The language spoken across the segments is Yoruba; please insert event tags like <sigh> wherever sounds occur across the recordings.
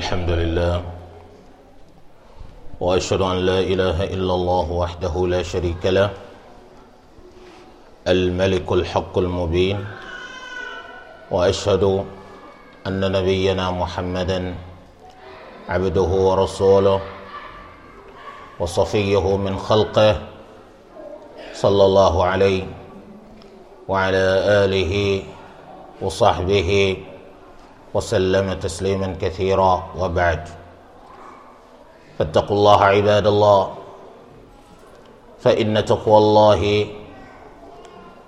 الحمد لله واشهد ان لا اله الا الله وحده لا شريك له الملك الحق المبين واشهد ان نبينا محمدا عبده ورسوله وصفيه من خلقه صلى الله عليه وعلى اله وصحبه وسلم تسليما كثيرا وبعد فاتقوا الله عباد الله فإن تقوى الله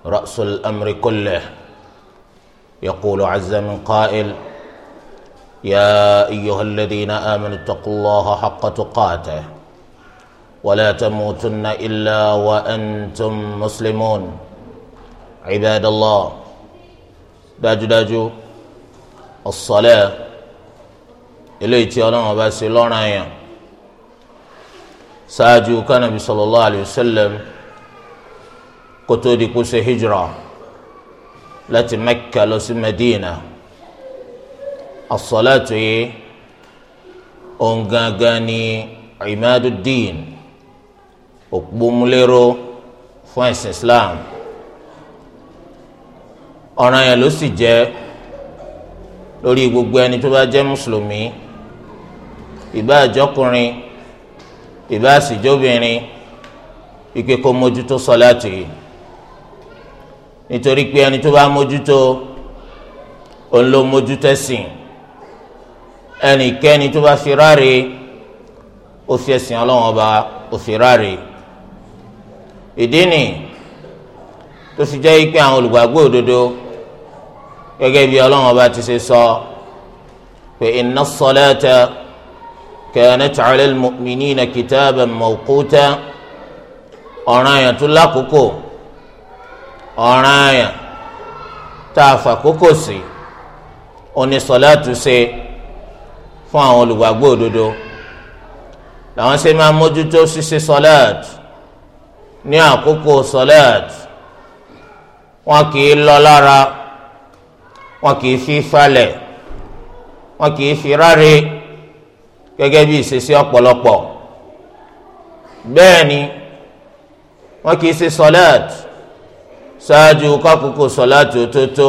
رأس الأمر كله يقول عز من قائل يا أيها الذين آمنوا اتقوا الله حق تقاته ولا تموتن إلا وأنتم مسلمون عباد الله داجو داجو ọ̀sọ̀lẹ̀ eléyìí tí ọlọ́run bá ṣe lọ́ràn yàn ṣáájú kánàbí sallallahu alayhi wa sallam kó tó di kó ṣe hijra láti Mẹ́kà lọ sí Medina as-salatu yìí òun gangan ni imaduddin òpómúlérò fún ẹ̀sìn Islam ọ̀ràn yẹn ló sì jẹ́ lórí gbogbo ẹni tó bá jẹ́ mùsùlùmí ìbá àjọkùnrin ìbá àsìjọbìnrin ìpè kó mójútó sọláàtì nítorí pé ẹni tó bá mójútó òun ló mójútó ẹ̀sìn ẹnikẹ́ni tó bá fi ráre ó fi ẹ̀sìn ọlọ́wọ́n ọba ó fi ráre ìdí ni tó fi jẹ́ pé àwọn olùgbàgbọ́ òdodo gẹ́gẹ́ bí ọlọ́run ọba ti ṣe sọ pé inna salata kanat ala al-mu'minina kitaban mawquta ọ̀ràn àyàn tó lákòókò ọ̀ràn àyàn tá a fàkókò sí oní sọláàtù ṣe fún àwọn olùgbàgbọ́ òdodo làwọn ṣe máa mójútó ṣíṣe sọláàtù ní àkókò sọláàtù wọn kì í lọ lára wọn kì í fi falẹ̀ wọn kì í fi ráre gẹ́gẹ́ bí ìṣesí ọ̀pọ̀lọpọ̀ bẹ́ẹ̀ ni wọn kì í ṣe sọlẹ́t ṣáájú kákòókò sọlẹ́t òtótó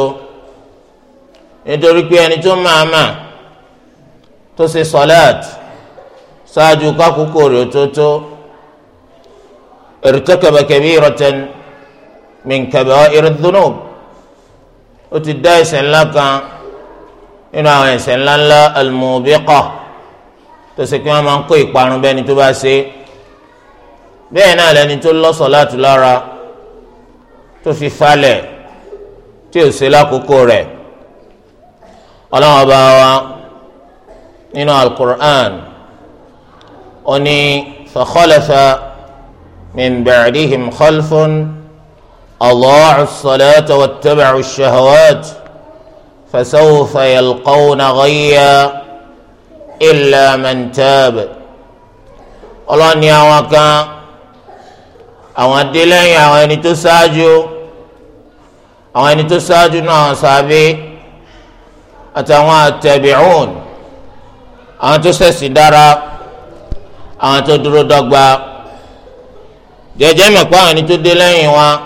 nítorí pé ẹni tó máa mà tó ṣe sọlẹ́t ṣáájú kákòókò rẹ̀ òtótó irtakaba kabiratan min kabairi dhunub ó ti dá ẹ̀ṣẹ̀ ńlá kan nínú àwọn ẹ̀ṣẹ̀ ńlá ńlá al-mubiqa tó ṣe pé wọn máa ń kó ìparun bẹ́ẹ̀ ni tó bá ṣe bẹ́ẹ̀ náà lẹni tó lọ sọ̀láàtù lára tó fi falẹ̀ tí ò ṣe lákòókò rẹ̀ ọlọ́run ọba wa nínú al ó ní fa khalafa min ba'dihim khalfun. أضاعوا الصلاة واتبعوا الشهوات فسوف يلقون غيا إلا من تاب الله أن يعوك أود لن يعوين تساجو أود تساجو نعصابي أتوا التابعون أن تسسي دارا أن تدرو دقبا جاجمك وأن تدلين وأن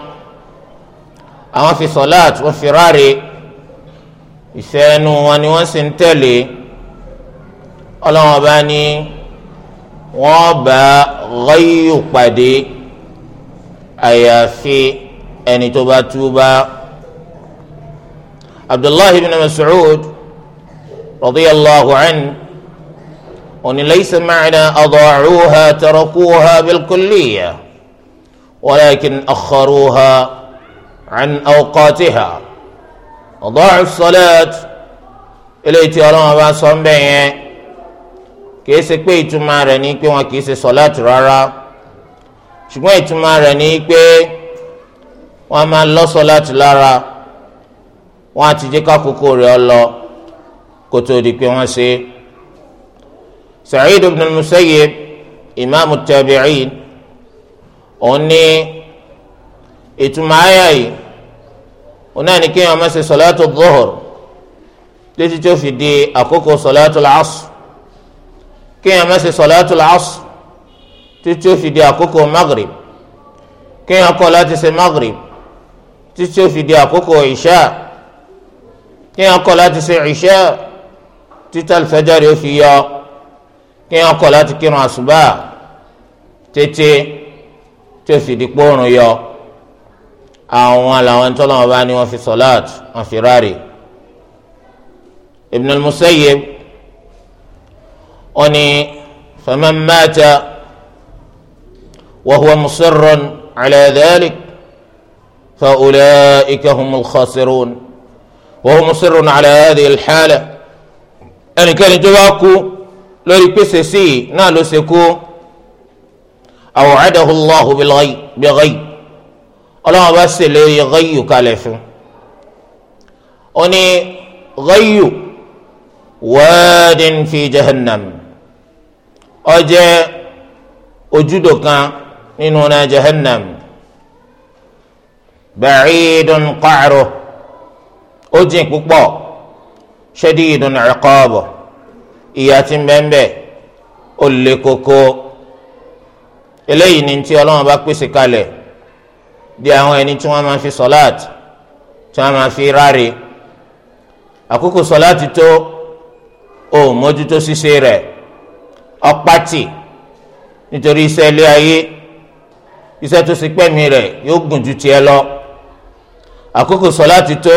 àwọn fi sọláàt wọn fi ráre ìfẹ́ ẹnu wọn ni wọ́n sì ń tẹ̀lé ọlọ́wọ́n bá ní wọ́n bá ghayyu pàdé àyàfi ẹni tó bá túbà abdullahi ibn mas'ud radiyallahu anhu oni laysa ma'na ada'uha tarakuha bilkulliya walakin akharuha. عن أوقاتها وضع الصلاة eléyìí tí ọlọ́run bá sọ ń bẹ̀ yẹn kìí ṣe pé ìtumọ̀ rẹ̀ ni pé wọn kìí ṣe sọ̀láàtì rárá ṣùgbọ́n ìtumọ̀ rẹ̀ ni pé wọn máa lọ sọ̀láàtì lára wọn ti lọ ìtumọ̀ ayà yìí onáà ní kéèyàn má ṣe sọ̀láàtù dhuhr títí tó fi di àkókò sọ̀láàtù làásù kéèyàn má ṣe sọ̀láàtù làásù títí tó fi di àkókò maghrib kéèyàn kọ̀ láti ṣe maghrib títí tó fi di àkókò ìṣá kéèyàn kọ̀ láti ṣe ìṣá títí alifajari ó fi yọ kéèyàn kọ̀ láti kírun àṣùbà tètè tó fi di kpóòrùn yọ. àwọn àlàwọn tó lọ́wọ́ bá ní wọ́n fi sọ́láàt wọ́n fi ráre Ibn al-Musayyib wọn ní faman mata wa huwa musirrun ala dhalik fa ulaika humul khasirun wa huwa musirrun ala hadhihi al-hala ẹnikẹ́ni tó bá kú lórí pèsè sí náà ló ṣe kú aw'adahu Allahu bi ghayb ọlọ́wọ́n bá ṣèlérí ghayyu kalẹ̀ fún ó ní ghayyu wẹ́ẹ́dín fi jahannam ó jẹ́ ojúdò kan nínú náà jahannam ba'idun qa'ruh ó jìn púpọ̀ shadidun iqabuh ìyà tí ń bẹ́ẹ̀ bẹ́ẹ̀ ó le koko eléyìí ni ti ọlọ́wọ́n bá pèsè kalẹ̀ di àwọn ẹni tí wọ́n máa fi sọ́láàtì tí wọ́n máa fi ráre àkókò sọ́láàtì tó o mójútó ṣíṣe rẹ̀ ọ̀pátì nítorí iṣẹ́ ilé ayé iṣẹ́ tó ṣe pẹ́mi rẹ̀ yóò gùn ju tiẹ̀ lọ àkókò sọ́láàtì tó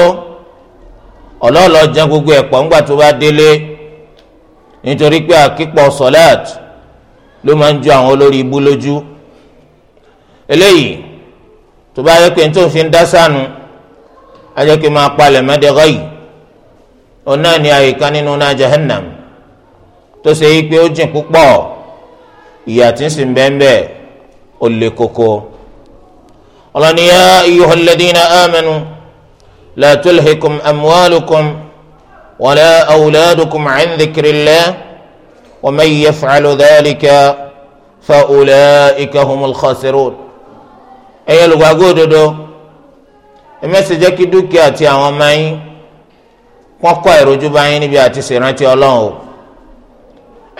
ọlọ́ọ̀lọ́ jẹ́ gbogbo ẹ̀pọ̀ ńgbà tó bá délé nítorí pé àkípọ̀ sọ́láàtì ló máa ń ju àwọn olórí ibú lójú eléyìí tó bá yẹ pé ní tó ṣe ń dá sànù ajẹ́ kí máa palẹ̀ mọ́ dẹ́gọ́ yìí òun náà ni àyè kan nínú náà jahannam tó ṣe yí pé ó jìn púpọ̀ ìyà tí ń sìn bẹ́ẹ̀ ó le koko ọlọ́ni yá ayyuhal ladina amanu la tulhikum amwalukum wala awladukum an dhikrillah wa man yaf'alu dhalika fa ulaika humul khasirun. ẹ̀yin olùgbàgbọ́ òdodo ẹ má ṣe jẹ́ kí dúkìá àti àwọn ọmọ yín wọ́n kọ́ ìrojú bá yín níbi àti ṣèrántí ọlọ́run o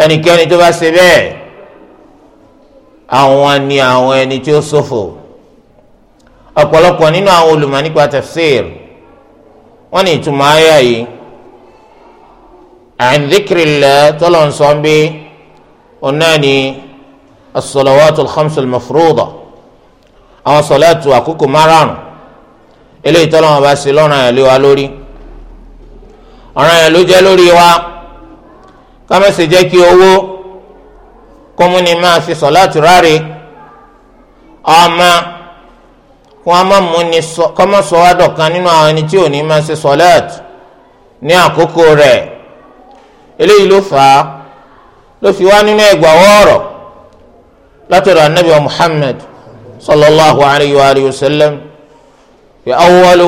ẹnikẹ́ni tó bá ṣe bẹ́ẹ̀ àwọn ni àwọn ẹni tí ó ṣòfò ọ̀pọ̀lọpọ̀ nínú àwọn olùmọ̀ nípa tafsir wọ́n ní ìtumọ̀ ayé yìí an tọ́lọ̀ ń sọ bí ọ̀nà ni as-salawatul khamsul àwọn sọ̀láàtù àkókò márààrún eléyìí tọ́lọ́wọ́n bá ṣe lọ́ràn yẹn lé wa lórí ọ̀ràn yẹn ló jẹ́ lórí wa ká má ṣe jẹ́ kí owó kó mú ni máa fi sọ̀láàtù ráre ọmọ kó a má mú ni kó má sọ wá dọ̀kan nínú àwọn ẹni tí ò ní máa ṣe sọ̀láàtù ní àkókò rẹ̀ eléyìí ló fà á ló fi wá nínú ẹgbàá wọ́ọ̀rọ̀ látọ̀dọ̀ anábìá Muhammad صلى الله عليه وآله وسلم فأول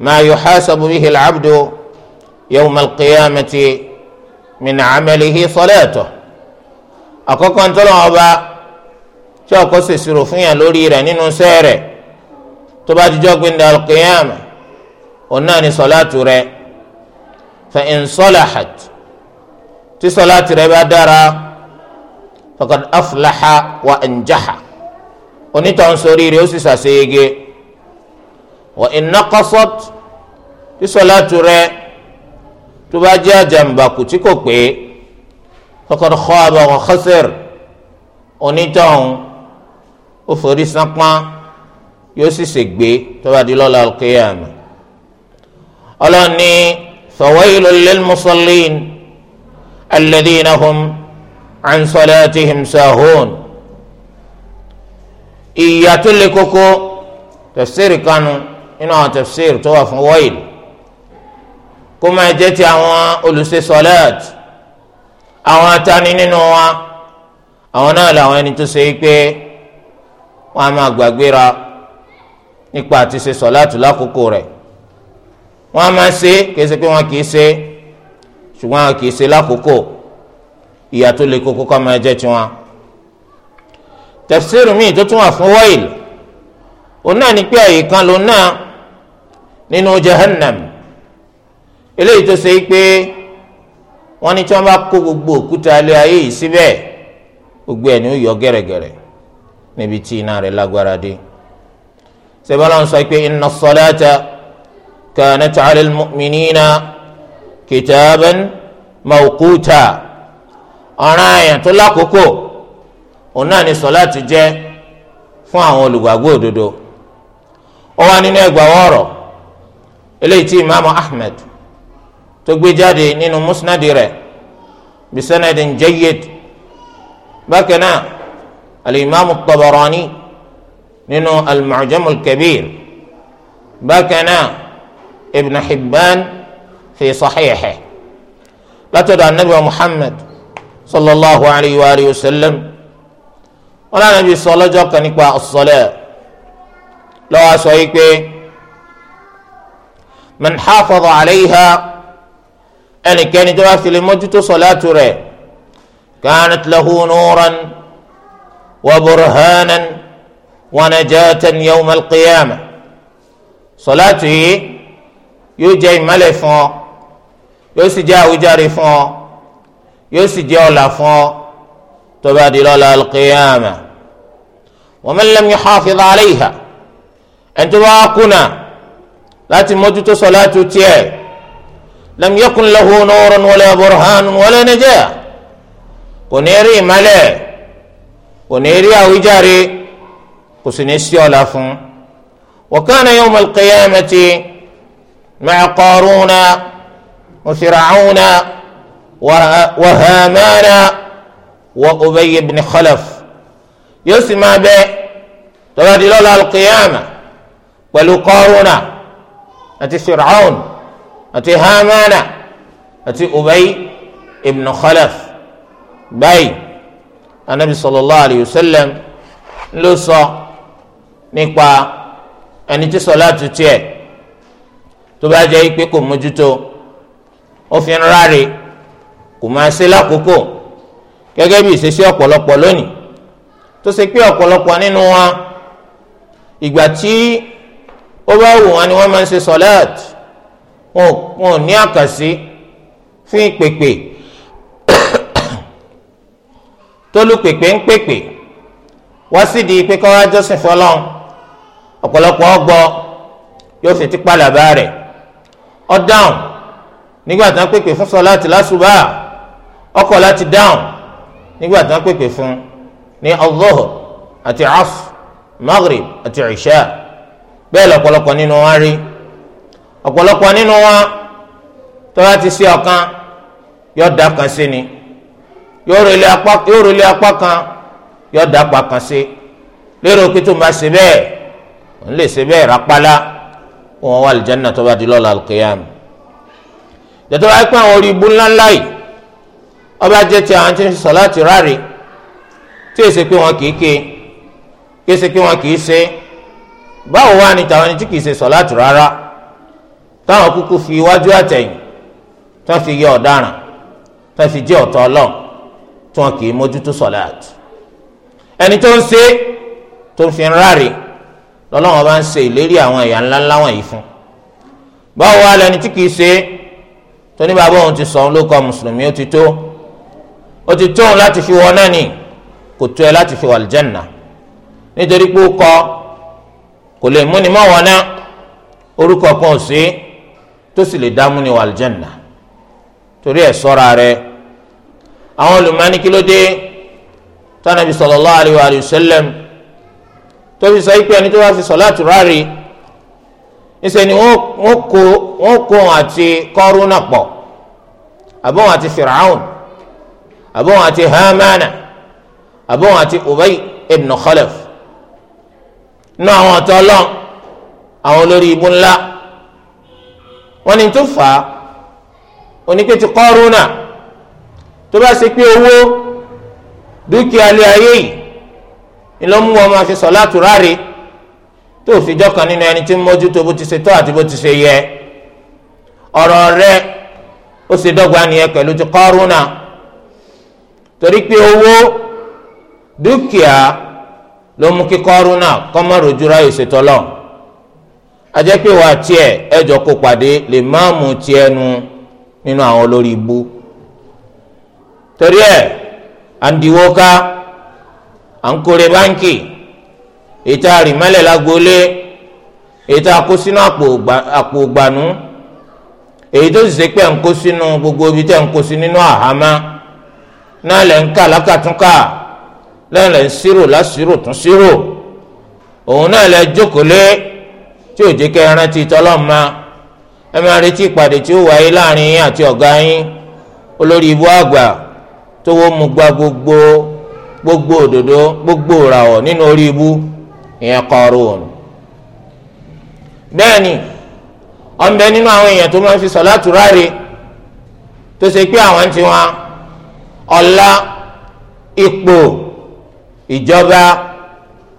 ما يحاسب به العبد يوم القيامة من عمله صلاته أقول أنت أبا تأكل سيسروفين لوريرا نينو سيري تبات جوك من القيامة ونان صلاة ري فإن صلحت صلاة ري بادارا فقد أفلح وأنجح onítàn sórí rẹ̀ ó sì ṣàṣeyege wọ iná kọ́sọ́t tí sọ́láàtù rẹ̀ tó bá jẹ́ àjàmbàkù tí kò pé kọ́kọ́rọ́ kọ́ àbàwọ̀ kọ́sẹ̀r onítàn ó forí sánpọ́n yóò sì ṣègbè tó bá di lọ́la alqiyama ọlọ́ni fawailu lil musallin alladhina hum an salatihim sahun ìyà tó koko tafsiri kanu nínú àwọn tafsiri tó wà fún wọ́ìlì kó máa jẹ́ ti àwọn olùṣe sọ́lẹ́t àwọn atani nínú wa àwọn náà làwọn ẹni tó ṣe é pé wọ́n á máa gbàgbéra nípa àti ṣe sọ́lẹ́t lákòókò rẹ̀ wọ́n á máa ṣe kìí ṣe pé wọ́n kìí ṣe ṣùgbọ́n kìí ṣe lákòókò ìyà tó koko kó máa jẹ́ tiwọn tafsiru míì tó tún wà fún wọ́ìlì òun náà ní pé àyè kan lòun náà nínú jahannam eléyìí tó ṣe é pé wọ́n ní tí wọ́n bá kó gbogbo òkúta alẹ́ ayé yìí síbẹ̀ gbogbo ẹ̀ ní ó yọ gẹ́rẹ́gẹ́rẹ́ níbi tí iná rẹ̀ lágbára dé sẹ́bàlá sọ pé inna salata kanat ala al-mu'minina kitaban ọ̀ràn àyàn tó lákòókò òun náà ni sọláàtì jẹ́ fún àwọn olùgbàgbọ́ òdodo ó wà nínú ẹgbà wọ́ọ̀rọ̀ eléyìí tí imaamu ahmed tó gbé jáde nínú musnadi rẹ̀ bisanadin jayyid bákan náà alimami tabarani nínú almu'jamul kabir bákan náà ibn hibban fi saxiixe látọ̀dọ̀ anabi wa muhammad sallallahu alayhi wa sallam wọn náà níbi sọ lọ́jọ́ kan nípa ọ̀sọ̀lẹ̀ lọ́wọ́ sọ yìí pé man hafaza alayha ẹnikẹ́ni tó bá fi lè mójútó sọ̀láàtù rẹ̀ kanat lahu nuran wa burhanan wa najatan yawma al-qiyamah sọ̀láàtù yìí yóò jẹ́ ìmọ́lẹ̀ fún ọ yóò sì jẹ́ àwùjáre fún ọ yóò sì jẹ́ ọ̀là fún ọ tọba di lọ́la alqiyama wa man lam yuhafiz alayha ẹni tó bá kùnà láti mójútó sọláàtù tiẹ̀ lam yakun lahu nurun wala burhanun wala najah kò ní rí ìmálẹ̀ kò ní rí àwíjàre kò sì ní sí ọ̀la fún wa kana yawm alqiyamati ma'a qaruna wa fir'auna wa hamana wa Ubay ibn Khalaf yóò sì máa bẹ tọ́lá di lọ́la alqiyama pẹ̀lú Qaruna àti Fir'aun àti Hamana àti Ubay ibn Khalaf báyìí anabi sallallahu alayhi wa sallam ló sọ nípa ẹni tí sọ láti tó bá jẹ́ pé kò mójútó ó fi ń ráre kò máa ṣe lákòókò gẹ́gẹ́ bí ìṣesí ọ̀pọ̀lọpọ̀ lónìí tó ṣe pé ọ̀pọ̀lọpọ̀ nínú wọn ìgbà tí ó bá wù wọn ni wọ́n máa ń ṣe sọ́láàt wọn ò ní àkàsí fún ìpèpè tólùpèpè ń pèpè wá sídìí pé káwá jọ́sìn fọlọ́n ọ̀pọ̀lọpọ̀ ọgbọ́ yóò fi tipa làbá rẹ̀ ọ̀ dáhùn nígbà tí wọ́n pèpè fún sọ́láàt lásùbà ọkọ̀ láti dáhùn nígbà tí wọn pèpè fún ní al-Dhuhr àti Asr Maghrib àti Isha bẹ́ẹ̀ lọ́pọ̀lọpọ̀ nínú wọn rí ọ̀pọ̀lọpọ̀ nínú wọn tó bá ti sí ọ̀kan yóò dá kan sí ni yóò rẹlẹ̀ apá kan yóò dá apá kan sí lérò pé tó ń ṣe bẹ́ẹ̀ ń lè ṣe bẹ́ẹ̀ rápálá wọn wà lìjánná tó bá di lọ́la al jẹ́tọ́ bá àwọn orí ibú ńláńlá yìí ọba jẹ́ ti àwọn tí ń sọ láti ráre tí èsì pé wọn kìí ké kí pé wọn kìí ṣe báwo wá ni tàwọn tí kìí ṣe sọ láti rárá táwọn kúkú fi iwájú àtẹ̀yìn tó fi yẹ ọ̀daràn tó fi jẹ́ ọ̀tọ̀ ọlọ́run tí wọn kìí mójútó sọ láti ẹni tó ń ṣe tó fi ń ráre lọ́lọ́wọ́n bá ń ṣe ìlérí àwọn ẹ̀yà ńláńlá wọ̀nyí fún báwo wá lẹni tí kìí ṣe tó òun ti sọ òun ló mùsùlùmí ó ti tó ó ti tóun láti fi wọ náà ni kò tó ẹ láti fi wọ àlùjánnà nítorí pé ó kọ kò lè múni mọ́ wọn náà orúkọ kan ò sí tó sì lè dá múni wọ àlùjánnà torí ẹ̀ sọ́ra rẹ̀ àwọn olùmọ̀ọ́ni kí ló dé tánàbí sallallahu alaihi wa sallam tó sọ pé ẹni tó bá fi sọ̀láàtù rárí níṣẹ́ ni wọ́n kó wọn àti Kọ́rúnà pọ̀ àbọ̀wọ̀n àti Fìràhùn àbọ̀wọ̀n àti hamana àbọ̀wọ̀n àti ubay ibn khalaf nínú àwọn ọ̀tọ̀ ọlọ́run àwọn olórí ibu ńlá wọn ni tó fà á onípe ti kọ́rùnà tó bá ṣe pé owó dúkìá lé ayé yìí ni ló mú wọn máa fi sọ látùráre tó fi jọkàn nínú ẹni tí ń mójútó bó ti ṣe tọ́ àti bó ti ṣe yẹ ọ̀rọ̀ rẹ̀ ó ṣe dọ́gba nìyẹn pẹ̀lú ti kọ́rùnà. torí pé owó dúkìá ló mú kí kọ́rúnà kọ́mọ́ròjú ráyè ṣètọ́lọ̀ ajẹ́pẹ̀wá tiẹ̀ ẹjọ́ kó pàdé lè má mú tiẹ̀ nu nínú àwọn olórí ibú torí ẹ̀ àǹdíwó ká à ń kórè báńkì ètò lágboolé ètò àkó sínú àpò èyí tó sì ṣe pé à ń kó gbogbo ibi tẹ́ à ń náà lẹ́ ń kà lákàtúnkà náà lẹ́ ń sírò lásìrò tún sírò òun náà lẹ́ jókòó tí ò jẹ́ kẹ́ ẹ ti tọ́lọ́mọ ẹ máa retí ìpàdé tí ó wáyé láàrin yín àti ọ̀gá yín olórí ibú àgbà tó wọ́n gbogbo gbogbo òdòdó gbogbo ìràwọ̀ nínú orí ibú ìyẹn Qarun bẹ́ẹ̀ni ọ̀nbẹ nínú àwọn èèyàn tó máa fi sọ̀ tùrá tó ṣe pé àwọn ọlá ipò ìjọba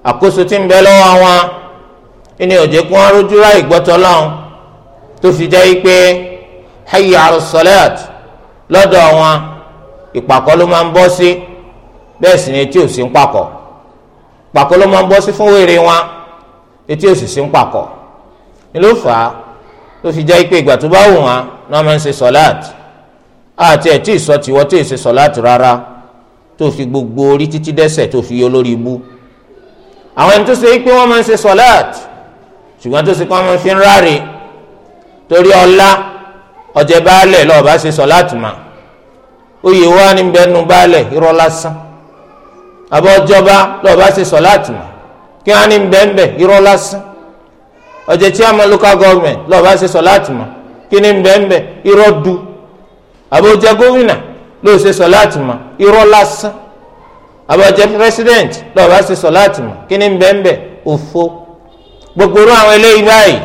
àkóso tí ń bẹ lọ́wọ́ wọn ẹni ó jẹ́ kí wọ́n rojú ráì gbọ́tọ̀ lọ́hùn tó fi jẹ́ pé hayya ala salat lọ́dọ̀ wọn ìpàkọ́ ló máa ń bọ́ sí bẹ́ẹ̀ sì ni etí ò sí ń pàkọ́ pàkọ́ ló máa ń bọ́ sí fún wèrè wọn etí ò sì sí ń pàkọ́ ni ló fà á ló fi jẹ́ pé ìgbà tó bá wù wọn ni wọ́n máa ń ṣe sọ́láàtì àti ẹ̀ tí ì sọ tiwọ́ tí ì ṣe sọ̀láàtì rárá tó fi gbogbo orí títí dẹ́sẹ̀ tó fi yọ lórí ibú àwọn ẹni tó ṣe pé wọ́n máa ń ṣe sọ̀láàtì ṣùgbọ́n tó ṣe pé wọ́n máa ń fi ń ráre torí ọlá ọjẹ baálẹ̀ lọ́ọ̀bá ṣe sọ̀láàtì mà oyè wa ní bẹnu baálẹ̀ irọ́ lásán àbọ̀jọba lọ́ọ̀bá ṣe sọ̀láàtì mà kí wọ́n á ní bẹ́ńbẹ́ irọ́ lásán ọjẹ chairman local government lọ́ọ̀bá ṣe sọ̀láàtì mà kí ní bẹ́ńbẹ́ irọ́ du àbójẹ gómìnà ló ṣe sọ láti mọ irọ́ lásán àbójẹ pírẹsidẹ́ǹtì lọ́ọ́ bá ṣe sọ láti mọ kí ni bẹ́ẹ̀nbẹ́ òfo gbogbo irú àwọn eléyìí báyìí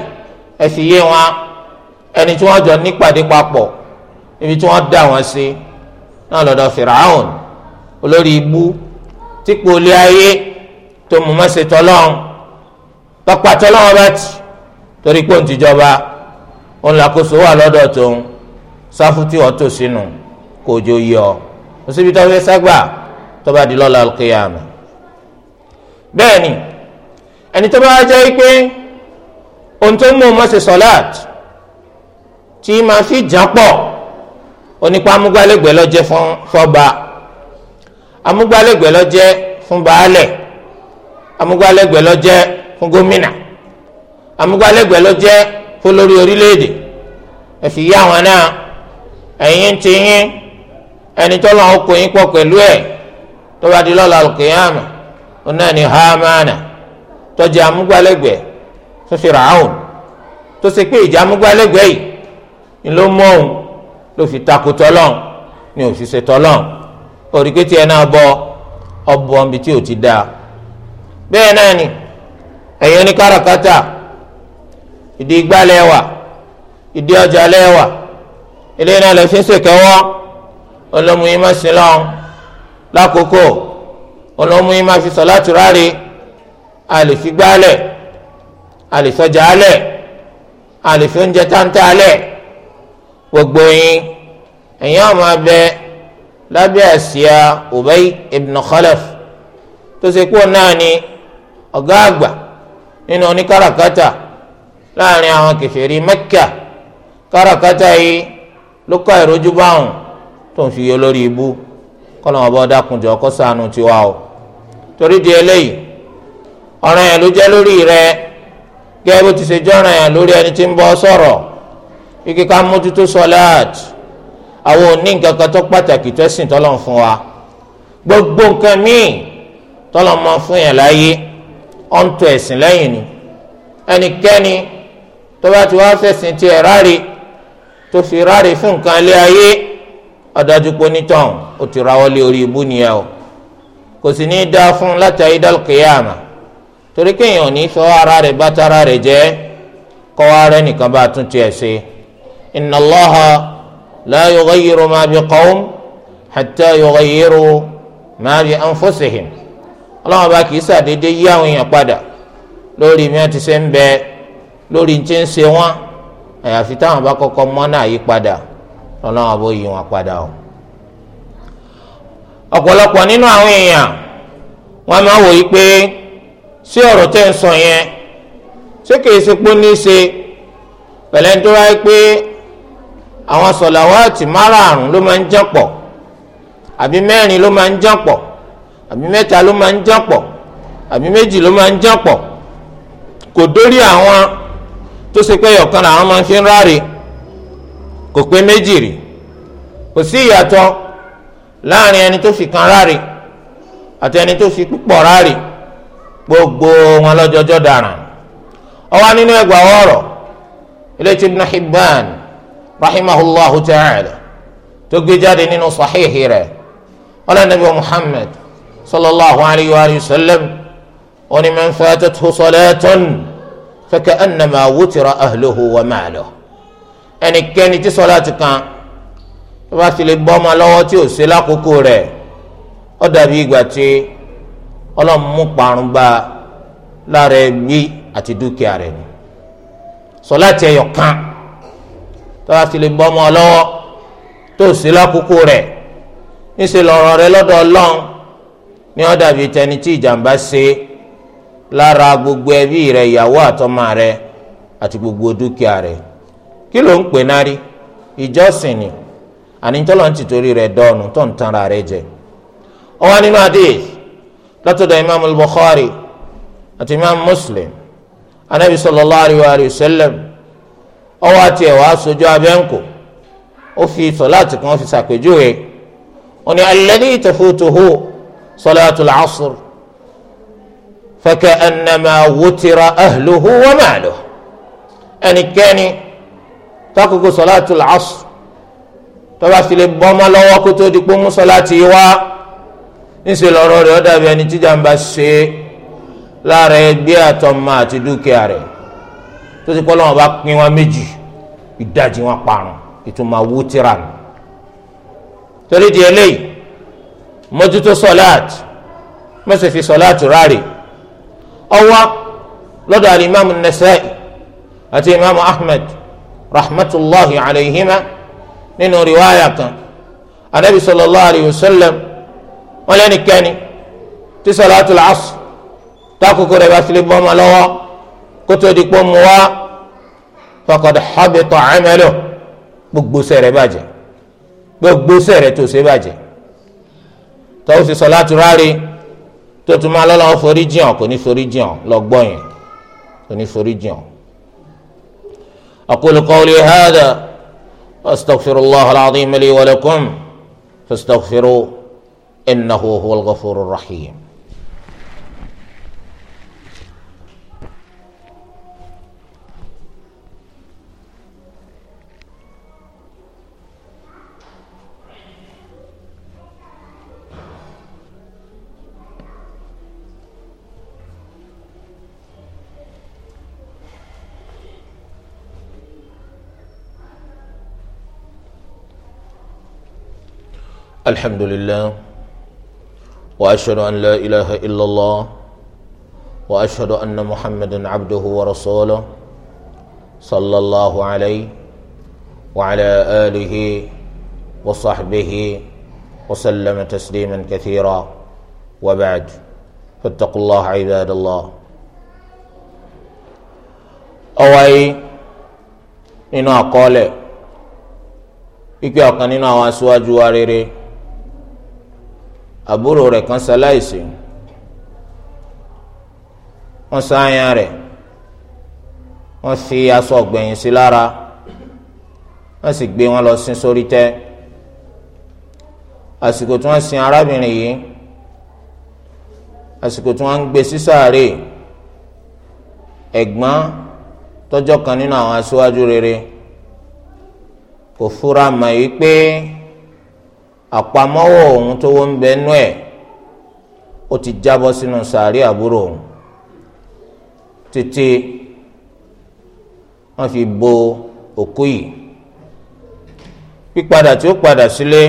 ẹ fi yé wọn ẹni tí wọ́n jọ nípàdé papọ̀ ibi tí wọ́n dá wọn sí náà lọ́dọ̀ fìràhùn olórí ibú tí kpolí ayé tó mú mọ́sẹ̀ tọ́lọ́n tọ́pàtọ́lọ́n ọba tì torí pé òun ti jọba òun làkóso wà lọ́dọ̀ tóun sáfù tí wọ́n tò sínú kó o jọ yọ ọ́ kò síbi tó fẹ́ ságbà tó bá di lọ́la al-qiyamah bẹ́ẹ̀ ni ẹni tó bá jẹ́ pé ohun tó mú ọmọ ṣe sọ́láàt tí máa fi jà pọ̀ onípa amúgbálẹ́gbẹ̀ẹ́ lọ́jẹ́ fún fọ́ba amúgbálẹ́gbẹ̀ẹ́ lọ́jẹ́ fún baálẹ̀ amúgbálẹ́gbẹ̀ẹ́ lọ́jẹ́ fún gómìnà amúgbálẹ́gbẹ̀ẹ́ lọ́jẹ́ fún lórí orílẹ̀-èdè ẹ yá wọn náà. ẹ̀yin ti yín ẹni tọ́lọ́ ọkọ̀ yín pọ̀ pẹ̀lú tó bá di lọ́la alùkìyàmà ọ̀nà ni hamana tó jẹ́ amúgbálẹ́gbẹ̀ẹ́ tó Fíráùn tó ṣe pé ìjà amúgbálẹ́gbẹ̀ẹ́ yìí ló mọ ló fi takò tọ́lọ́n ni ò fi ṣe tọ́lọ́n òrìkìtì ẹ̀ náà bọ ọbọ̀ ọ̀nbi tí ò ti dáa bẹ́ẹ̀ náà ni ẹ̀yin ní káràkátà ìdí igbá lẹ́wà ìdí ọjà lẹ́wà eléyìí náà lè fi ń ṣèkẹ́wọ́ olómù yìí má sí lọ́n lákòókò olómù yìí má fi sọ láti ráre a lè fi gbálẹ̀ a lè sọjà alẹ̀ a lè fi oúnjẹ táńtà alẹ̀ gbogbo yín ẹ̀yin ọmọ abẹ lábẹ́ àsíá Ubay ibn Khalaf tó ṣe kúrò náà ni ọ̀gá àgbà nínú oníkàràkátà láàrin àwọn kèfèrí Mẹ́kà kàràkátà yìí ló kọ́ ìrójú báwọn tó ń fi yọ lórí ibú kọ́nà ọba ọ̀dàkùnjọ kó ṣàánú tiwa o torí di eléyìí ọ̀ràn yẹn ló jẹ́ lórí rẹ gẹ́gẹ́ bó ti ṣe jọ́ràn yẹn lórí ẹni tí ń bọ́ sọ̀rọ̀ ike ká mójútó sọláàtì àwọn òní nǹkan kan tó pàtàkì tẹ́sìn tọ́lọ̀ ń fún wa gbogbo nǹkan míì tọ́lọ̀ mọ fún yẹn láyé ọ̀ ń ẹ̀sìn lẹ́yìn ni ẹnikẹ́ni tó bá ti wá fẹ̀sìn tiẹ̀ ráre tó fi ráre fún nǹkan ilé ayé ọ̀dájú pé onítọ̀hún ó ti rawọ́ lé orí ibú nìyẹn o kò sì ní í dá fún láti ayé dálùkìyàmà torí kéèyàn ò ní sọ ara rẹ̀ bá tara rẹ̀ jẹ́ kọ́ ara ẹnìkan bá tún tiẹ̀ ṣe inna Allaha la yughayyiru ma bi qawm hatta yughayyiru ma bi anfusihim ọlọ́wọ́n bá kì sàdédé yí àwọn èèyàn padà lórí mi wọ́n ti ṣe ń ti ń ṣe wọ́n. àyàfi táwọn bá kọ́kọ́ mọ́nà àyípadà ọlọ́run àbó yí wọn padà o. ọ̀pọ̀lọpọ̀ nínú àwọn èèyàn wọ́n máa wòye pé sí ọ̀rọ̀ tẹ́ ń sọ yẹn ṣé kìí ṣe pé ní í ṣe pẹ̀lẹ́ ń tó wáyé pé àwọn sọ̀làwátì márààrún ló máa ń jẹ́ pọ̀ àbí mẹ́rin ló máa ń jẹ́ pọ̀ àbí mẹ́ta ló máa ń jẹ́ pọ̀ àbí méjì ló máa ń jẹ́ pọ̀ kò dórí àwọn tó ṣe pé ọ̀kan làwọn máa ń fi ń ráre kò pé méjì rí kò sí ìyàtọ̀ láàrin ẹni tó fi kan ráre àti ẹni tó fi púpọ̀ ráre gbogbo wọn lọ́jọ́jọ́ dáràn ó nínú ẹgbàá ọ̀rọ̀ ilé tí Ibn Hibban ta'ala tó gbé jáde nínú sàhíhì rẹ̀ ọlọ́nàbí Muhammad sallallahu alayhi wa sallam onímọ̀ nfẹ́ tó tó sọlẹ́ tó فكأنما وتر أهله وماله ẹnikẹ́ni tí sọláàtì kan tó bá ti lè bọ́ ọmọ lọ́wọ́ tí ò ṣe lákòókò rẹ̀ ó dàbí ìgbà tí ọlọ́run mú parun bá lára ẹbí àti dúkìá rẹ̀ ni sọláàtì ẹyọ kan tó ti lè bọ́ ọmọ lọ́wọ́ tó ò ṣe lákòókò rẹ̀ níṣẹ́ lọ́rọ̀ rẹ̀ lọ́dọ̀ ọlọ́run ni ó dàbí tẹni tí ìjàmbá ṣe é lára gbogbo ẹbí rẹ ìyàwó àtọmọ rẹ àti gbogbo dúkìá rẹ kí ló ń pè náà rí ìjọsìn ni àní tọ́lọ́ ń tìtorí rẹ dọ́ọ̀nù tó ń tan ara rẹ jẹ. ó nínú hadith látọ̀dọ̀ imam al-bukhari àti imam muslim anabi sallallahu alayhi wa sallam ó wá tiẹ̀ wá sojú abẹ́ǹkò ó fi sọ̀láàtì kan fi ṣàpèjúwe ó ní alladhi tafutuhu salatul asr. فكأنما وتر أهله وماله ẹni kẹ́ni takoko sọláàtì làásù tọba file bọmọ lọ́wọ́ kó tó di pé mú sọláàtì wá ńṣe lọ́rọ̀ rẹ̀ ó dàbí ẹni tí jàmbá ṣe lára ẹgbẹ́ àtọmọ àti dúkìá rẹ̀ tó ti kọlọ́wọ́n bá pín wọn méjì ìdajì wọn parun ìtumọ̀ wútìrà nù torí di eléyìí mójútó sọláàtì mọ́sẹ̀ fi sọláàtì ọwọ́ lọ́dọ̀ alimami nasa'i àti imaamu ahmed rahmatulahi alayhima nínú riwaayà kan anabi sallallahu alayhi wa sallam wọn lẹ́nu kẹ́ni tí salatu al-asr takoko rẹ̀ bá tilẹ̀ bọ́mọ lọ́wọ́ kótó di kpọ́ mu wá faqad habita amaluhu gbogbo sẹ̀rẹ̀ bàjẹ́ gbogbo sẹ̀rẹ̀ tó ṣe bàjẹ́ tọ́wọ́ sì salatu rárí. tó tún máa lọ́lọ́wọ́ forí jìn kò ní forí jìn lọ gbọ́ yẹn kò ní forí jìn. أقول قولي هذا وأستغفر الله العظيم لي ولكم فاستغفروه إنه هو الغفور الرحيم الحمد لله واشهد ان لا اله الا الله واشهد ان محمدا عبده ورسوله صلى الله عليه وعلى اله وصحبه وسلم تسليما كثيرا وبعد فاتقوا الله عباد الله أوي nínú اقول wípé ọ̀kan nínú àwọn aṣíwájú àbúrò rẹ̀ kan ṣaláìsí wọ́n sáyà rẹ̀ wọ́n fi aṣọ ọ̀gbẹ̀yìn sí lára wọ́n sì gbé wọn lọ sin sórí tẹ́ àsìkò tí wọ́n sin arábìnrin yìí àsìkò tí wọ́n ń gbé sí sàárè ẹ̀gbọ́n kan nínú àwọn aṣíwájú rere kò fura mọ̀ yìí pé àpamọ́wọ́ òun tó wọ́n ń bẹ nú ẹ̀ ó ti jábọ́ sínú sàárì àbúrò òun títí wọ́n fi bo òkú yìí pípadà tí ó padà sílé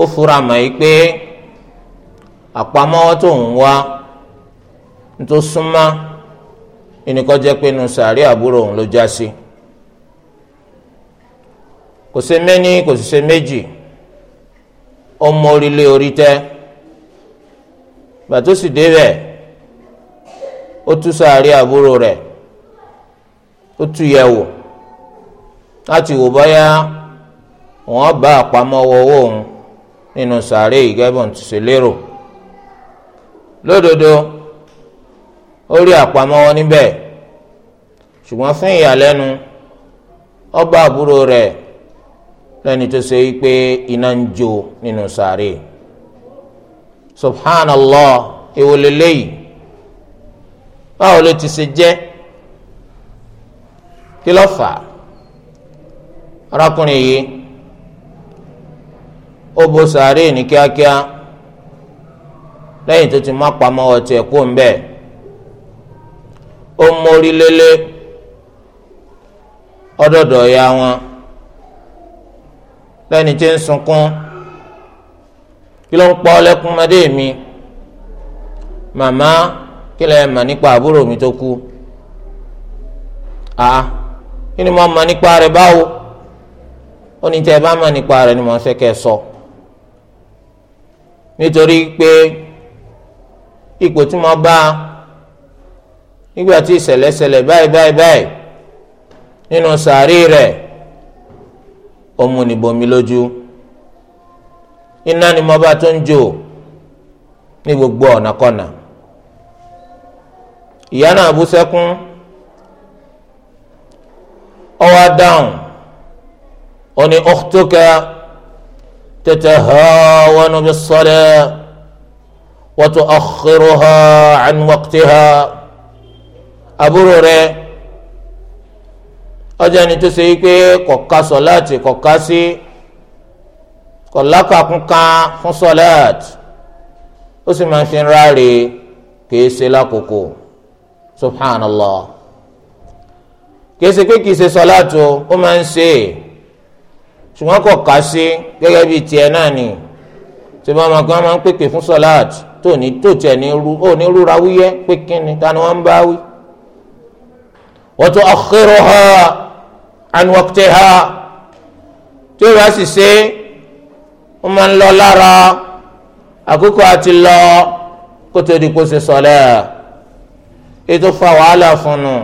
ó fura mọ̀ yìí pé àpamọ́wọ́ tó ń wá tó súnmọ́ ẹnìkan jẹ́ pé nu sàárì àbúrò òun ló já sí. Si kò ṣe mẹ́ni kò sì ṣe méjì ó mọ orílẹ̀ orí tẹ́ bàtó sì débẹ̀ ó tú sàárẹ̀ àbúrò rẹ̀ ó tú yẹ̀ wò láti wò báyà wọ́n bá àpamọ́wọ́ owó òun nínú sàárẹ̀ ìgẹ́bọ̀n tó ṣe lérò lódodo ó rí àpamọ́wọ́ níbẹ̀ ṣùgbọ́n fún ìyàlẹ́nu ó àbúrò rẹ̀ lẹ́ni tó ṣe pé iná ń jó nínú sàárè subhanallah ìwòlélẹ́ yìí báwo ló ti ṣe jẹ́ kí ló fà á arákùnrin yìí ó bo sàárè ní kíákíá lẹ́yìn tó ti má pamọ́ ọtí ẹ̀kú ń ó mórí lélẹ̀ ọdọọdọ ya wọn lẹ́ni tí ń sunkún kí ló ń pọ́ lẹ́kún ọmọdé mi màmá kí lẹ mà nípa àbúrò mi tó kú a kí ni mo mà nípa rẹ̀ báwo ó ní tẹ́ ẹ bá mà nípa rẹ̀ ni mo ń fẹ́ kẹ́ ẹ sọ nítorí pé ipò tí mo bá nígbà tí ìṣẹ̀lẹ̀ ṣẹlẹ̀ báyìí báyìí báyìí nínú sàárì rẹ̀ ó mú ni bomi lójú iná ni mo bá tó ń jò ní gbogbo ọ̀nàkọ̀nà ìyá náà bú sẹ́kún ó wá dáhùn ó ní ukhtuka tatahawanu bis-salah wa tu'akhkhiruha an waqtiha àbúrò rẹ̀ ọjọ́ ẹni tó ṣe wípé kọ̀ọ̀ká sọ̀láàtì kọ̀ọ̀ká sí kọ̀lákàkún kan fún sọ̀láàtì ó sì máa ń fi ráre kìí ṣe lákòókò subhanallah kìí ṣe pé kìí ṣe sọ̀láàtì ó máa ń ṣe ṣùgbọ́n kọ̀ọ̀ká sí gẹ́gẹ́ bíi tiẹ̀ náà ni tí wọ́n máa gbọ́n máa ń pèpè fún sọ̀láàtì tó ní tó tiẹ̀ ní rú ó ní rúra wúyẹ́ pé kíni ta ni wọ́n ń bá wí. wa tu'akhkhiruha an waqtiha tí ó bá sì ṣe ó máa ń lọ lára àkókò àti lọ kó tó di kó ṣe sọlẹ ètò fa wàhálà fún un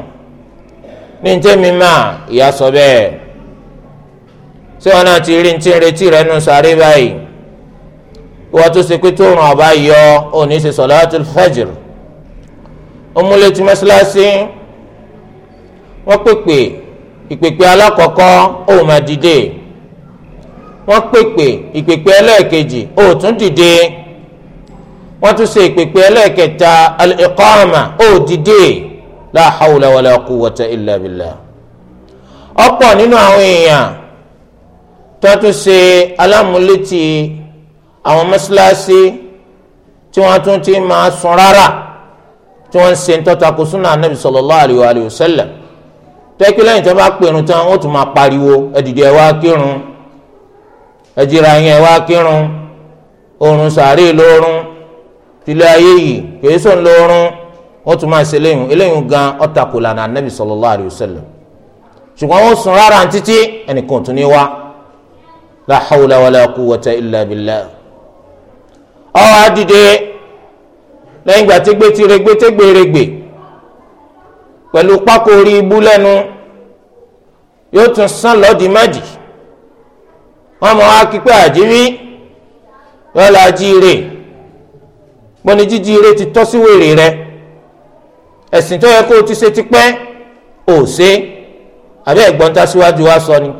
ní ntẹ́mi máa ìyá sọ bẹ́ẹ̀ ṣé wọn náà ti rí ntí retí rẹ nù sáré báyìí wọ́n tó ṣe pé tó ràn ọba yọ òní ṣe salatul fajr ó múlẹ̀ tí wọ́n pèpè ìpèpè alákọ̀ọ́kọ́ ó máa dìde wọ́n pèpè ìpèpè ẹlẹ́ẹ̀kejì ó tún dìde wọ́n tún ṣe ìpèpè ẹlẹ́ẹ̀kẹta al-iqama ó dìde la hawla wala quwwata illa billah ọ̀pọ̀ nínú àwọn èèyàn tó tún ṣe alámúlétì àwọn mọ́ṣáláṣí tí wọ́n tún ti máa sùn rárá tí wọ́n ń ṣe ń tọ́ta kó súnà anábì sallallahu alayhi wa sallam tẹ́kí lẹ́yìn tí wọ́n bá pèrún tán wọ́n tún máa pariwo ẹ dìde ẹ wá kírun ẹ jìra yín ẹ wá kírun oorun sàárè lóorun tìlẹ̀ ayé yìí kìí sùn lóorun wọ́n tún máa ṣe eléyìí eléyìí gan ọ̀tàkù lànà anabi sallallahu alayhi wa sallam ṣùgbọ́n wọ́n sùn rárá títí ẹnìkan tún ní wá la hawla wala quwwata illa billah ó wá dìde lẹ́yìn gbàtẹ́gbẹ́tì rẹ̀gbẹ́tẹ́gbẹ́rẹ́gbẹ́ pẹ̀lú pákó orí ibú lẹ́nu yóò tún sàn lọ́dì májì wọ́n mọ̀ wá àjírí yóò la jíire gbọ́ni jíjíire ti tọ́ sí wèrè rẹ ẹ̀sìn tó yẹ kó o ti ṣe ti pẹ́ ò ṣe àbẹ́ ẹ̀gbọ́n ta síwájú wa sọ ni